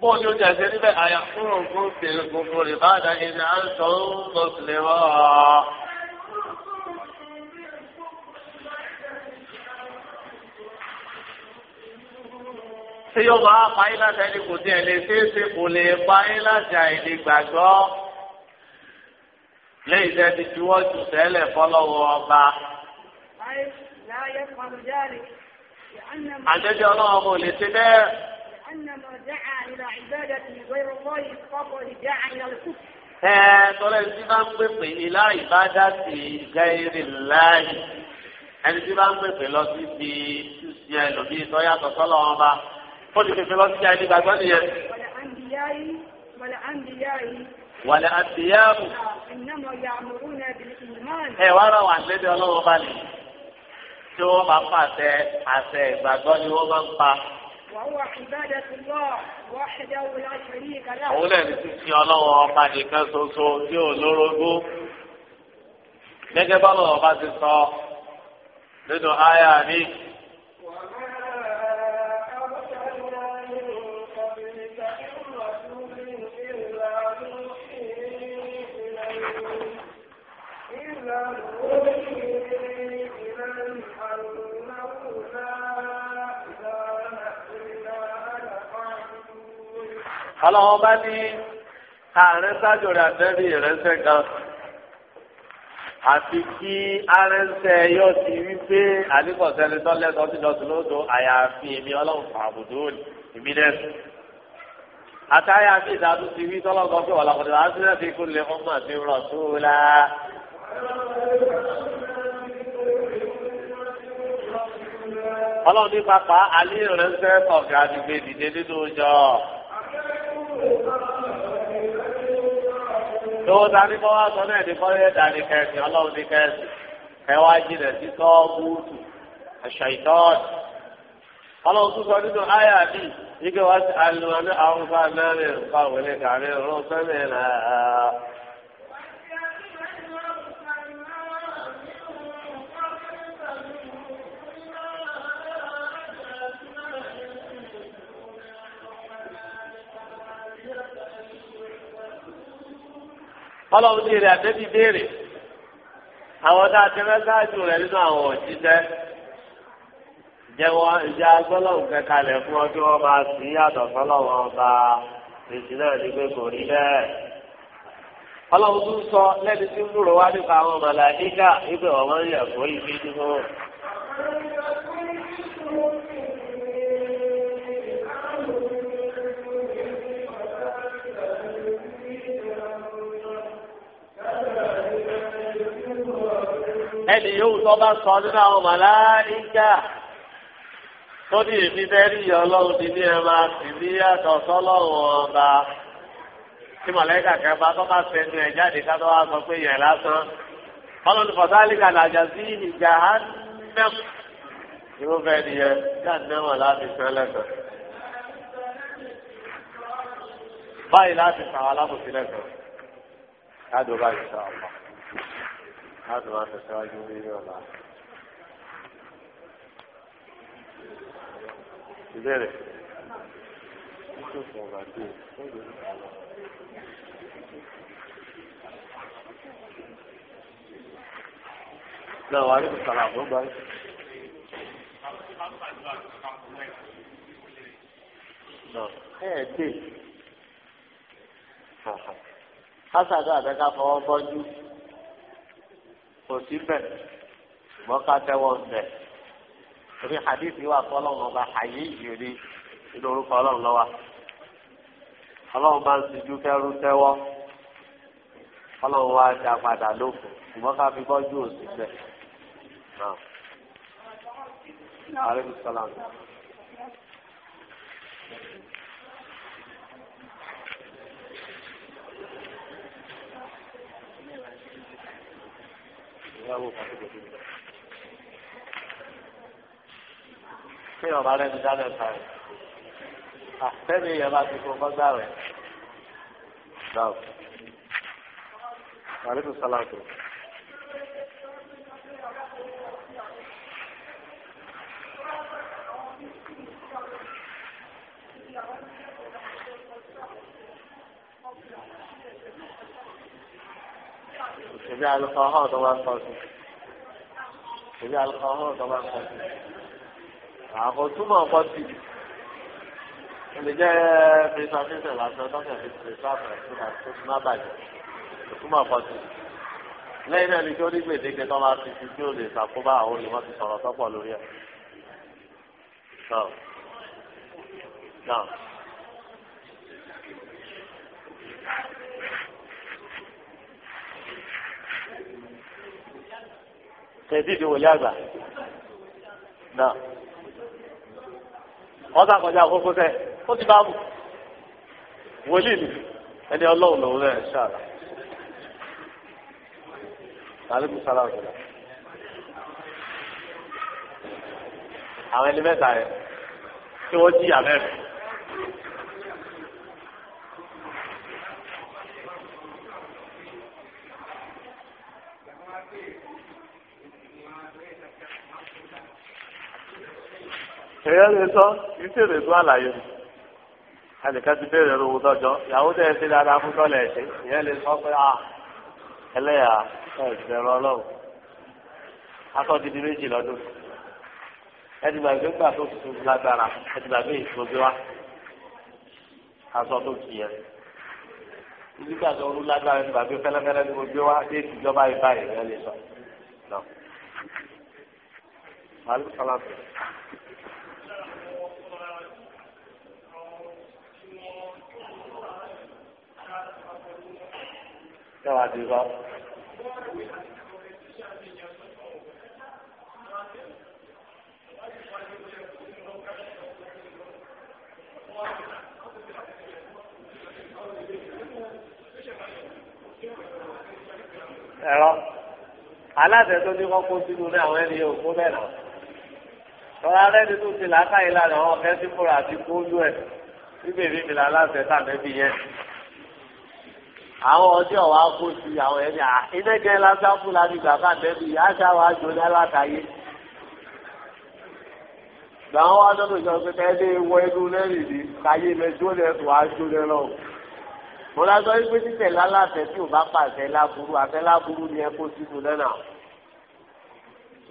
bóun ni ó jẹ́ ṣe níbẹ̀ àyà fún òkú fèrè gbogbo rẹ̀ bá dàgé ní à ń sọ ń lọ sílẹ̀ wọ́ọ́. ṣé yóò máa pa yín láti ẹni kò tiẹ̀ lè ṣe é ṣe kò lè pa yín láti àìlè gbàgbọ́ lẹ́yìn tẹ́ ti juwọ́ jù sẹ́lẹ̀ fọlọ́wọ́ ọba. àjẹjẹ ọlọ́run kò lè ṣe bẹ́ẹ̀. Ẹ tọ́lẹ̀ tí bá ń pèpè ìlà ìbádá ti gẹ́rì láàyè. Ẹni tí bá ń pèpè lọ sí ibi ṣíṣe ẹlòmíì tó yàtọ̀ sọ́lọ́ bá wọ́n ti fèsì lọ sí àyè nígbàgbọ́ nìyẹn. wàlẹ̀ àdìyàmù. ẹ wá rán wà lédè ọlọ́wọ́ bá lè tí wọ́n máa fà àṣẹ àṣẹ ìgbàgbọ́ ni wọ́n máa ń pa. Òun lẹ́nu ti fi ọlọ́wọ́ ọba nìkan ṣoṣo tí ò lórogún. Gẹ́gẹ́ bọ́lọ̀ ọba ti sọ nínú àyà mi. ọlọ́wọ́n bá ní ààrẹ sájò rẹ̀ àtẹ́bí ìrẹsẹ̀ kan àti kí arẹ́sẹ̀ yóò ti wí pé àdìkọ̀sẹ́ni tọ́lẹ̀ tọ́sídọ́sí lóòótọ́ àyàfi èmi ọlọ́run fàbùdó èmi lẹ́sùn àtàyà fi ìdádú ti wí tọ́lọ́gbọ́n pé ọ̀làkùnrin àti láti kú lè mọ́ mà ti rọ̀ tó la. ọlọ́run nípa pa alẹ́ ìrẹsẹ̀ kọ̀ọ̀kan àdìgbè dìde nínú ọjọ́. tó dání kọ́ wá sọ náà ní kọ́ yẹ dání ọlọ́run ní kẹsì kẹwàá jìnà sí tọ́ọ̀bùtù àṣà ìtọ́ọ̀tù. ọlọ́run tún sọ nínú àyà mi ike wá sí àlùmọ́ ní àwọn fáwọn mẹ́rin fáwọn ilé kàrí ọlọ́run náà. ọlọ́run ti rẹ̀ àtẹ́bí béèrè àwọn tá a ti rẹ́ sáájú rẹ̀ nínú àwọn òṣìṣẹ́ jẹ́wọ́ ìjà agbọ́lọ́hùn kẹkalẹ̀ fún ọ kí wọ́n máa sí yàtọ̀ ọba èsì náà ní pé kò rí bẹ́ẹ̀. ọlọ́run tún sọ lẹ́ni tí ń ẹni yóò tó bá sọ nínú àwọn màláìka tó ní èmi fẹ́ẹ́ rí ọlọ́run ní ní ẹ máa sì ní yàtọ̀ sọ́lọ́run ọba tí màláìka kẹ́ bá tó bá sẹ́nu ẹ̀ jáde ká tó wá sọ pé yẹn lásán ọlọ́run fọ̀tálíkà làjà sí ìjà hánẹ́m irúfẹ́ nìyẹn jáde láti sẹ́lẹ̀ kan. báyìí láti sàwọn alábòsílẹ̀ kan. ká dùn báyìí sàwọn. هذا ما تساعد به ولا لذلك لا وعليكم السلام ورحمة الله ẹ̀ẹ́dẹ́ àṣàdó àbẹ́ká fọwọ́ bọ́jú. kò sí bẹ́ẹ̀ ká tẹ́wọ́ bẹ̀ torí hadithi wà fún ọba àyè yìí ní orúkọ ọlọ́run lọ́wọ́ ọlọ́run bá ń tijú kẹ́rú tẹ́wọ́ ọlọ́run wá dá padà ṣùgbọ́n ká fi bọ́jú òsì ṣé ọba rẹ ti dáná ẹ̀ka rẹ̀ àtẹ́ni ìyẹn bá ti fún fọ́gbà rẹ̀ dáwọ̀. Wàlẹ́kùn sálàtò. ìbí alukọ́họ́ tó máa ń sọ sí ìbí alukọ́họ́ tó máa ń sọ sí àwọn túmọ̀ ọkọ sí ìlẹ̀jẹ̀ pírísàfíìsẹ̀ lásán tọ́kẹ̀ fi pírísàfíìsẹ̀ sí àti tó má bàjẹ́ túmọ̀ ọkọ sí lẹ́yìn náà ni kí ó ní gbèdéke tó máa fi fi kí ó lè ṣàkóbá àwọn olùwọ́n ti sọ̀rọ̀ sọ́pọ̀ lórí ẹ̀. Now. tẹ̀sí ìdí wòlíì náà wọ́n sá kọjá àkókò sẹ́ ó ti bá bù wòlíì ni ẹni ọlọ́run lòun náà ṣáàlà aleykum salaam wa àwọn ẹni mẹ́ta yẹn tí wọ́n jí àmẹ́rin. èèyàn sọ kì í ṣèrè tó àlàyé ẹnìkan ti béèrè owó tọjọ ìyàwó tẹ ẹ ṣe dáadáa fún tọ́lẹ̀ ẹ̀ ìyẹn lè sọ pé à ẹlẹ́yà ẹ̀ bẹ̀rù ọlọ́run akọ gidi méjì lọ́dún ẹdìgbàgbé gbà tó tutù lágbára ẹdìgbàgbé ìfòbí wa aṣọ tó kì í ẹ nígbà tó rú lágbára ẹdìgbàgbé fẹlẹfẹlẹ ní gbogbo wa dé ìjọba ìbá yọ̀wá ti sọ. ẹ̀rọ aláṣẹ tó ní kọ́kọ́ sínú ní àwọn ẹni òkú bẹ́ẹ̀ náà tọ́lá rẹ́ni tó ti làákàyè lára àwọn ọ̀kẹ́ sí fúnra àti kóńdú ẹ̀ bíbélì mi là aláṣẹ tàbí bí yẹn àwọn ọdẹ ọwọ akó àwọn ẹni à inége lásá fúlàní bàbá àtẹbí àṣà wa jòlá látàyè làwọn wa dọ́dọ̀ jọ pé ẹni wọ inú lẹ́yìn ni káyé mẹjọ lẹ́tọ̀ wá jòlá lọ. mo lásọ wípé títẹ̀ lálàtẹ̀ tí ò bá pàṣẹ láburú àfẹ́ láburú ni ẹ kó sínú lẹ́nà.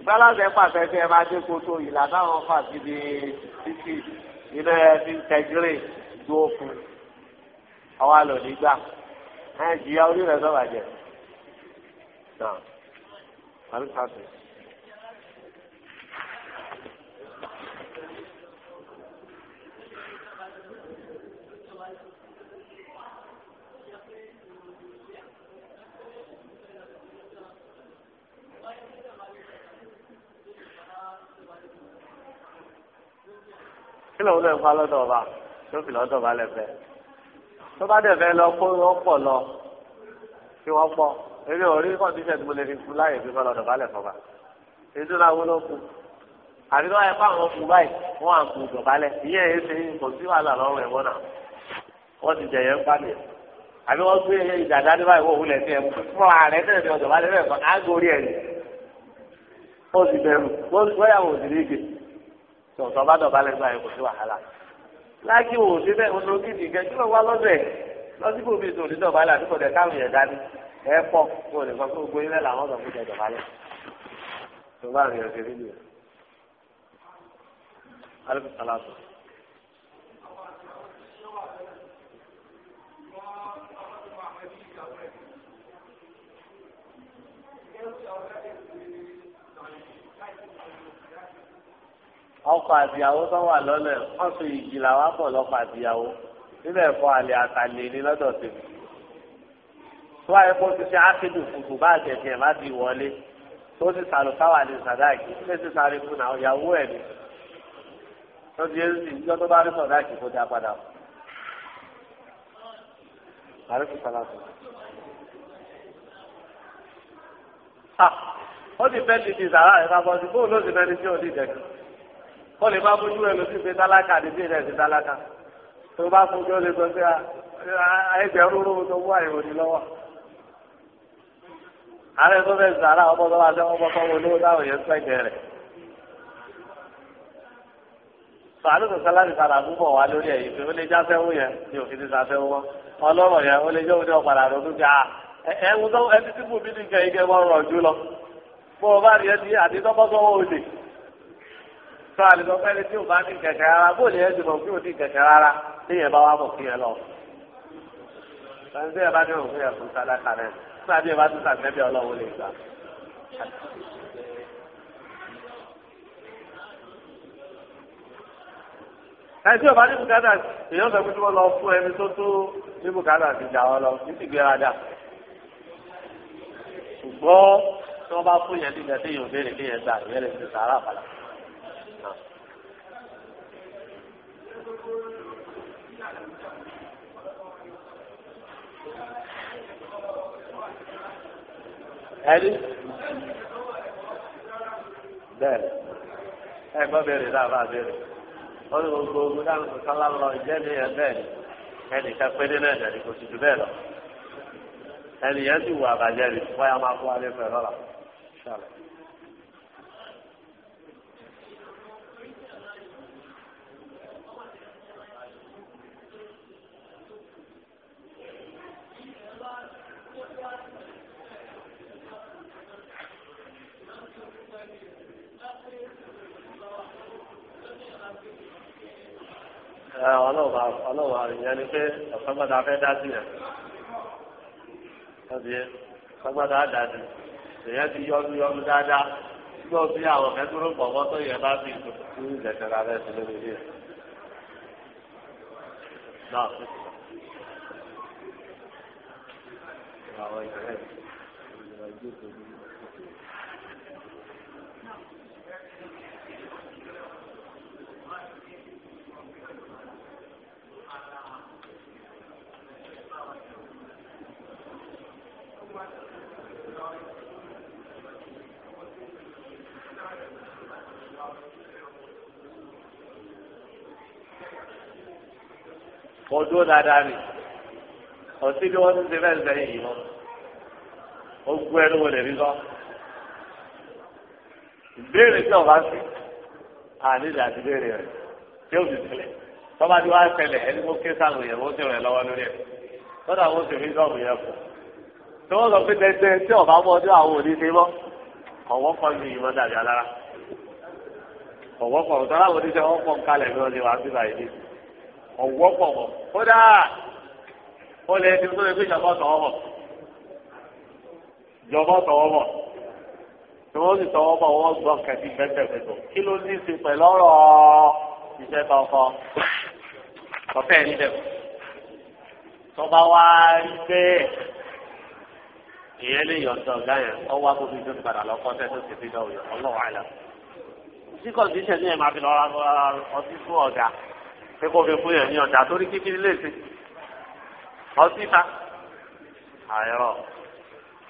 ìgbàlásẹ̀ pàṣẹ tí ẹ máa dé koto ìlànà àwọn fà síbi títì iná ẹ fi ń tẹgírè gbó fún àwa lọ nígbà ẹ jìyà orí rẹ̀ sọ́wọ́ àjẹ. kí lóun náà ń pa lọ́dọ̀ ọba tó fi lọ́dọ̀ ọba lẹ́fẹ̀ẹ́ tó bá dẹ̀ fẹ́ lọ kó wọ́n pọ̀ lọ kí wọ́n pọ̀ eré orí kọ́ndíṣẹ̀ tí lè fi fún láyè fi kọ́ lọ́dọ̀ balẹ̀ fọba ètò náà wọ́n ló kú àbí wọ́n yẹ fáwọn kú báyìí wọ́n á kú dọ̀bálẹ̀ ìyẹn èyí ṣe kò sí wàhálà lọ́rùn ẹ̀ wọ́n náà wọ́n ti jẹ̀yẹ̀ ń pàdé àbí wọ́n gbé ìdàdá ní báyìí wọ́n wulẹ̀ tiẹ̀ fún ààrẹ tẹ̀lé ọ̀dọ̀bálẹ̀ bẹ́ẹ̀ kọ́ láàkì wò sí bẹ́ẹ̀ wọn ló kí ni gẹ́gẹ́ lọ́wọ́ lọ́dọ̀ ẹ̀ lọ́sibò mi sùn ní dọ̀bálẹ̀ àdúgbò dẹ̀ káwọn yẹn dání ẹ̀ pọ̀ kó o lè sọ pé gbogbo ilé làwọn sọ fún dọ̀bálẹ̀ tó bá rìn ọ̀sẹ̀ nílùú. alẹ́ kò sọ ọkọ àtìyàwó tó wà lọ́lẹ̀ wọ́n fi ìjìlá wa pọ̀ lọ́kọ àtìyàwó nílẹ̀ ẹ̀fọ́ àlè àtàlè ní lọ́dọ̀ tèmi. tó àyè kó ti ṣe ákédù fùfù bá àtẹ̀tẹ̀ má ti wọlé tó ti sàlùkáwà ní sàdáàkì tó ti sàrí fún àwọn ìyàwó ẹ̀ ní. tó ti yéé sì ìjọ tó bá rí sàdáàkì kó dá padà. àríkù sàlàtù. ó ti fẹ́ẹ́ di ti sàrà ìfàkọ́sí bóun ló ti fẹ́ẹ́ di tí ò ní ìdẹ́kun. ó lè má bójú rẹ̀ ló sì ṣe tálákà ní bí rẹ̀ ṣe tálákà tó bá fún kí ó lè sọ sí ẹgbẹ̀rún tó ní lọ́wọ́. ààrẹ tó fẹ́ sàrà ọmọ tó wá sí ọmọ tó wọ lówó táwọn èèyàn sẹ́gbẹ̀ẹ́ rẹ̀. sàánù tó sálárì padà púpọ̀ wá lórí ẹ̀yìn pé ó lè já fẹ́wó ní òfin ti sàfẹ́wó wọn ọlọ́rọ̀ yẹn ó lè jẹ́ òní ọ̀padà rẹ̀ o bá rí ẹni àti tọ́kọ́tọ́ sọ àlùkò fẹ́ni tí o bá ní kẹ̀kẹ́ rárá bó lè yẹn ti mọ̀ kí o ní kẹ̀kẹ́ rárá ní yẹn bá wà mọ̀ kí yẹn lọ. Sọ̀rọ̀ bá ní òun yẹn fún sádàkà rẹ̀ nígbà tí yẹn bá tún sàgbẹ́bí ọlọ́run lè gbà. Ẹni tí o bá ní bùkátà èèyàn sọ pé kí wọ́n lọ fún ẹni tó tó ní bùkátà ti jà ọ lọ ní ti gbéra dà. Ṣùgbọ́n tí wọ́n bá fún yẹn nígbà tí yóò béèrè kí yẹn gbà ìyẹn lè ti sàárà padà. ẹni bẹ́ẹ̀ ẹ gbọ́ bèrè náà bá bèrè wọn ní gbogbo ogun náà ni kò sì jù bẹ́ẹ̀ lọ ẹnìyẹn sì wù àbàjẹ rẹ wáyà máa fún wa ọlọ́wà ọlọ́wà kò dúró dáadáa ni ọtí bí wọn ti ṣe bẹ́ẹ̀ o yìí wọn ó gbó ẹnu ọba sí àní ìdá ti béèrè rẹ tí ó fi sílẹ̀ tọ́ba tí wàá ṣẹlẹ̀ ẹni mo ké sáwọn èèyàn ó ti rìn lọ́wọ́ lórí ẹ̀ tọ́da mo sì rí sọ́ọ̀bù yẹn mọ ọ̀wọ́ pọ̀ mọ́ kódà ó lè ti tó lè fi ìjọba tọ̀wọ́ mọ̀ ìjọba tọ̀wọ́ mọ̀ tí wọ́n sì tọ̀wọ́ mọ̀ wọ́n gbọ́ kẹ́sì pẹ́tẹ́pẹ́tọ́ kí ló ní ṣe pẹ̀lú ọ̀rọ̀ iṣẹ́ kankan kọfẹ́ ẹ̀ níbẹ̀ tọ́ba wá rí bẹ́ẹ̀ ìyẹn lè yọ̀ǹda ọ̀gá yẹn ọwọ́ agbóbi tó ti lọ́kọ́ tẹ́ tó fi dọ̀ ọ̀yọ́ ọlọ́wọ́ àlà. sí kọ̀ǹdíṣẹ̀ ní ẹ̀ máa fi lọ́ra pé kó fi fún yẹn ní ọjà torí kíkiri léèsì ọtí ta àìrọ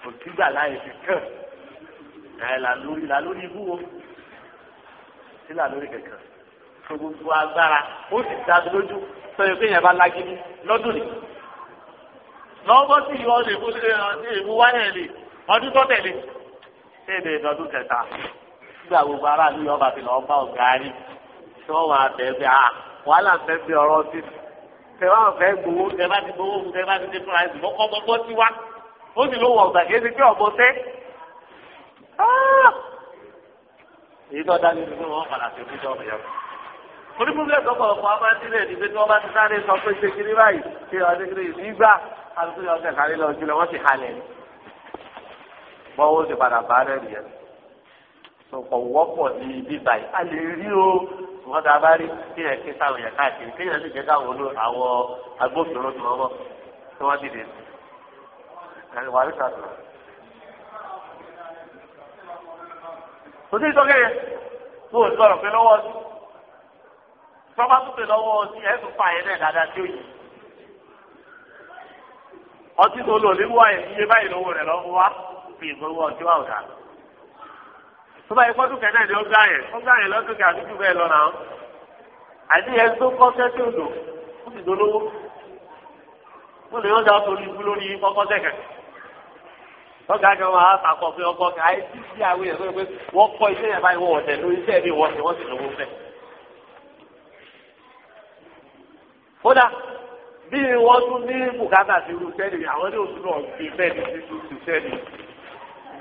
òtígbà láyé ti kàn ẹ là lórí ibú wo sí là kẹkẹ tó gbogbo agbára ó sì dá lójú sọyọ pé yẹn bá lágídí lọ́dún ni lọ́wọ́ sí ìwọ lè mú ìwú wáyẹ̀ lè ọdún tó tẹ̀lé léde ìdọ́dún kẹta nígbà gbogbo aráàlú yọba fi lọ́ọ́ bá ọ̀gá rí tí wọ́n máa bẹ̀ẹ́ bẹ́ẹ̀ wàhálà fẹ́ fi ọ̀rọ̀ sí tẹ̀wá fẹ́ gbowó tẹ̀wá ti gbowó tẹ̀wá ti dé fún àìsàn mọ́kọ́ gbọ́gbọ́ sí wa ó sì ló wọ̀ ọ̀gbà kí ẹ ti fi ọ̀bọ sẹ́. Ah! èyí tó dájú ni wọn padà sí ojú ọmọ yẹn. torí fún bẹ́ẹ̀ tọkọ̀lọpọ̀ a máa ń sílẹ̀ ní pé tí wọ́n bá ti sáré sọ pé ṣe kiri báyìí ṣe ọdún kiri yìí nígbà alùpùpù yọ ọ̀sẹ̀ kárí lọ sílẹ̀ wọ́n ti halẹ̀ ni. bọ́wọ́ ti padà bá rẹ̀ nìyẹn. sọ̀kọ̀ wọ́pọ̀ ní ibi báyìí. a lè rí o wọn dá bá rí kí ẹ ké sáwọn yẹn káàkiri kí ẹ sì jẹ káwọn olú àwọn agbófinró tó wọn bọ tí wọn dìde ẹ wà ní sàtò. kò sí ìtọ́kẹ́ yẹn o sọ̀rọ̀ pé lọ́wọ́ sí sọ́ba tó pè lọ́wọ́ sí ẹ̀ tó fà yẹn náà dáadáa tí ó ọtí tó lò ní wáyé iye báyìí lówó rẹ̀ lọ́wọ́ wá fi ọjọ́ àwòrán. tó bá yẹ kó ni ó gbá yẹn ó gbá yẹn lọ́dún kí àdúgbò bẹ́ẹ̀ lọ́nà ó àti yẹn tó kọ́ sẹ́kì odò ó sì dolówó ó lè yọjà torí ikú lórí kọ́kọ́ sẹ́kẹ̀ ọgá kan wọn á sàkọ pé ọkọ kan àyè tí sí àwọn èèyàn sọ pé wọn kọ iṣẹ́ yẹn báyìí wọn ọ̀tẹ̀ lórí iṣẹ́ mi wọ́n sì wọ́n sì lówó fẹ́. kódà bí wọ́n tún ní bùkátà ti rú sẹ́ni àwọn ní oṣù náà gbé bẹ́ẹ̀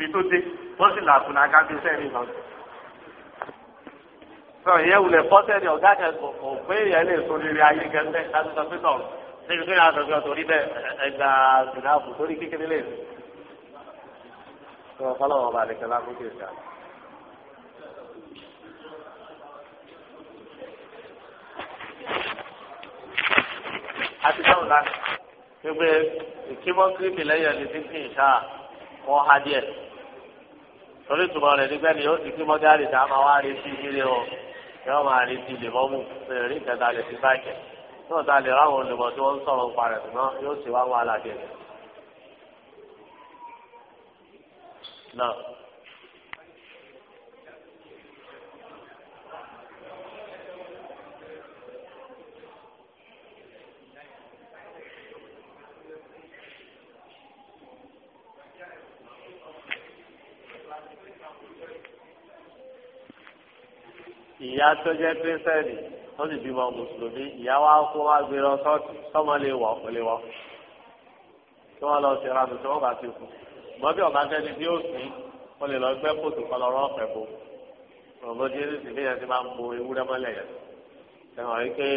ibi tó dé wọ́n sì làkùn náà kábí sẹ́ẹ̀rì náà. sọ ìyẹn wulẹ̀ fọ́sẹ̀rì ọ̀gá kẹ́kọ̀ọ́ kò pé ìyẹn lè so rere ayé gẹ́gẹ́ láti sọ pé náà níbi tó yà sọ pé ọ̀tọ̀ níbẹ̀ ẹgbà sìnáàbù torí kékeré lè sí. sọ fọlọ́wọ́ bá lè kẹ́lá kó kéèké àná. àti sọ̀rọ̀ lánàá gbogbo ìkímọ́ kírìmì lẹ́yìn ọ̀nà ìdíkì ìṣá wọn há torí tùmọ̀ rẹ̀ nígbà ni ó ti kí mọ́gàrì tá máa wá rí sí ilé o yóò máa rí sí lèmọ́mù lè rí ìkẹta lè fi báyìí náà ta lè ráwọn olùmọ̀ tí wọ́n ń sọ̀rọ̀ ń parẹ̀ ṣùgbọ́n yóò sì wá wọn alàjẹ náà. ìyá tó jẹ́ kírísítẹ́nì ó sì bímọ mùsùlùmí ìyá wa kó wá gbé lọ sọ́ọ̀tì sọ́mọ lè wọ̀ kó lè wọ̀ kí wọ́n lọ sí ra mi tí wọ́n bá ti kú ṣùgbọ́n bí ọ̀gá tẹ́ni bí ó sì ó lè lọ gbẹ́ kóòtù kan lọ́rọ́ ọ̀fẹ́ bo ọ̀gbọ́n tí eré sì léyìn tí máa ń bo ewúrẹ́ mọ́lẹ̀ yẹn ẹ̀hàn yìí pé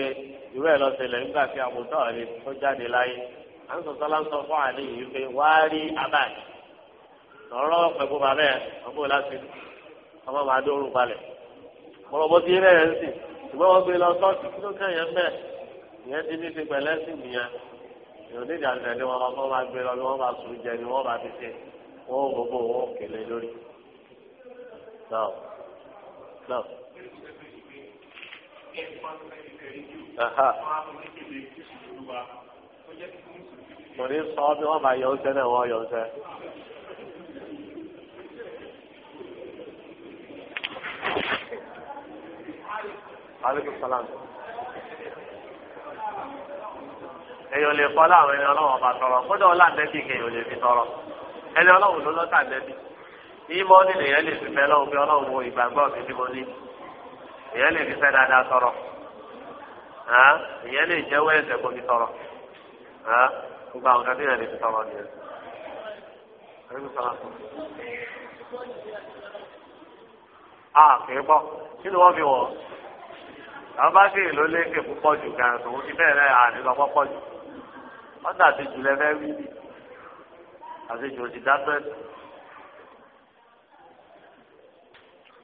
ìwé ẹ̀ lọ́sẹ̀lẹ̀ nígbà tí àbùtọ́ rẹ̀ tó jáde láyé à ń sọ sọ́lá ń sọ fún àlè yìí pé wá rí abáyé lọ́rọ́ ọ̀fẹ́ bo bàbá ẹ̀ ọ̀gbọ́n láti ọmọ màá dórú balẹ̀ mọ̀rọ̀bọ ti rẹ̀ ẹ̀ sì ṣùgbọ́n wọ́n gbé lọ sọ́ọ̀tì kí ló kẹ́yìn mẹ́ ìyẹn ti ní ti pẹ̀lẹ́ sí nìyẹn ìròyìn ìjà tẹ̀lé wọn wọn máa gbé lọ ni wọ́n máa sùn jẹ ni wọ́n máa fi ṣe wọ́n ò gbogbo wọn ò kélé lórí. náà náà. kò ní sọ bí wọ́n máa yọ ọ́ sẹ́nẹ̀ wọ́n yọ ọ́ aleykum salaam. èèyàn lè kọ́ láwọn ẹni ọlọ́wọ́ bá tọrọ kódà ọlá nẹ́bí kéèyàn lè fi tọrọ ẹni ọlọ́wọ́ ló lọ́tà nẹ́bí ìmọ̀ ní lèyàn lè fi fẹ́ lọ́wọ́ pé ọlọ́wọ́ wo ìgbàgbọ́ mi bí mo ní èèyàn lè fi fẹ́ dáadáa tọrọ èèyàn lè jẹ́wọ́ ẹ̀ṣẹ̀ kó fi tọrọ gbogbo àwọn kan tí lè fi tọrọ nìyẹn. a ah, kí ni wọ́n fi wọ̀ àwọn bá sì ló lékè púpọ̀ jù gan tòun ti bẹ́ẹ̀ náà àní lọ pọ́pọ́ jù wọ́n dàbí jùlẹ̀ fẹ́ wí àti jù òsì dábẹ́sì.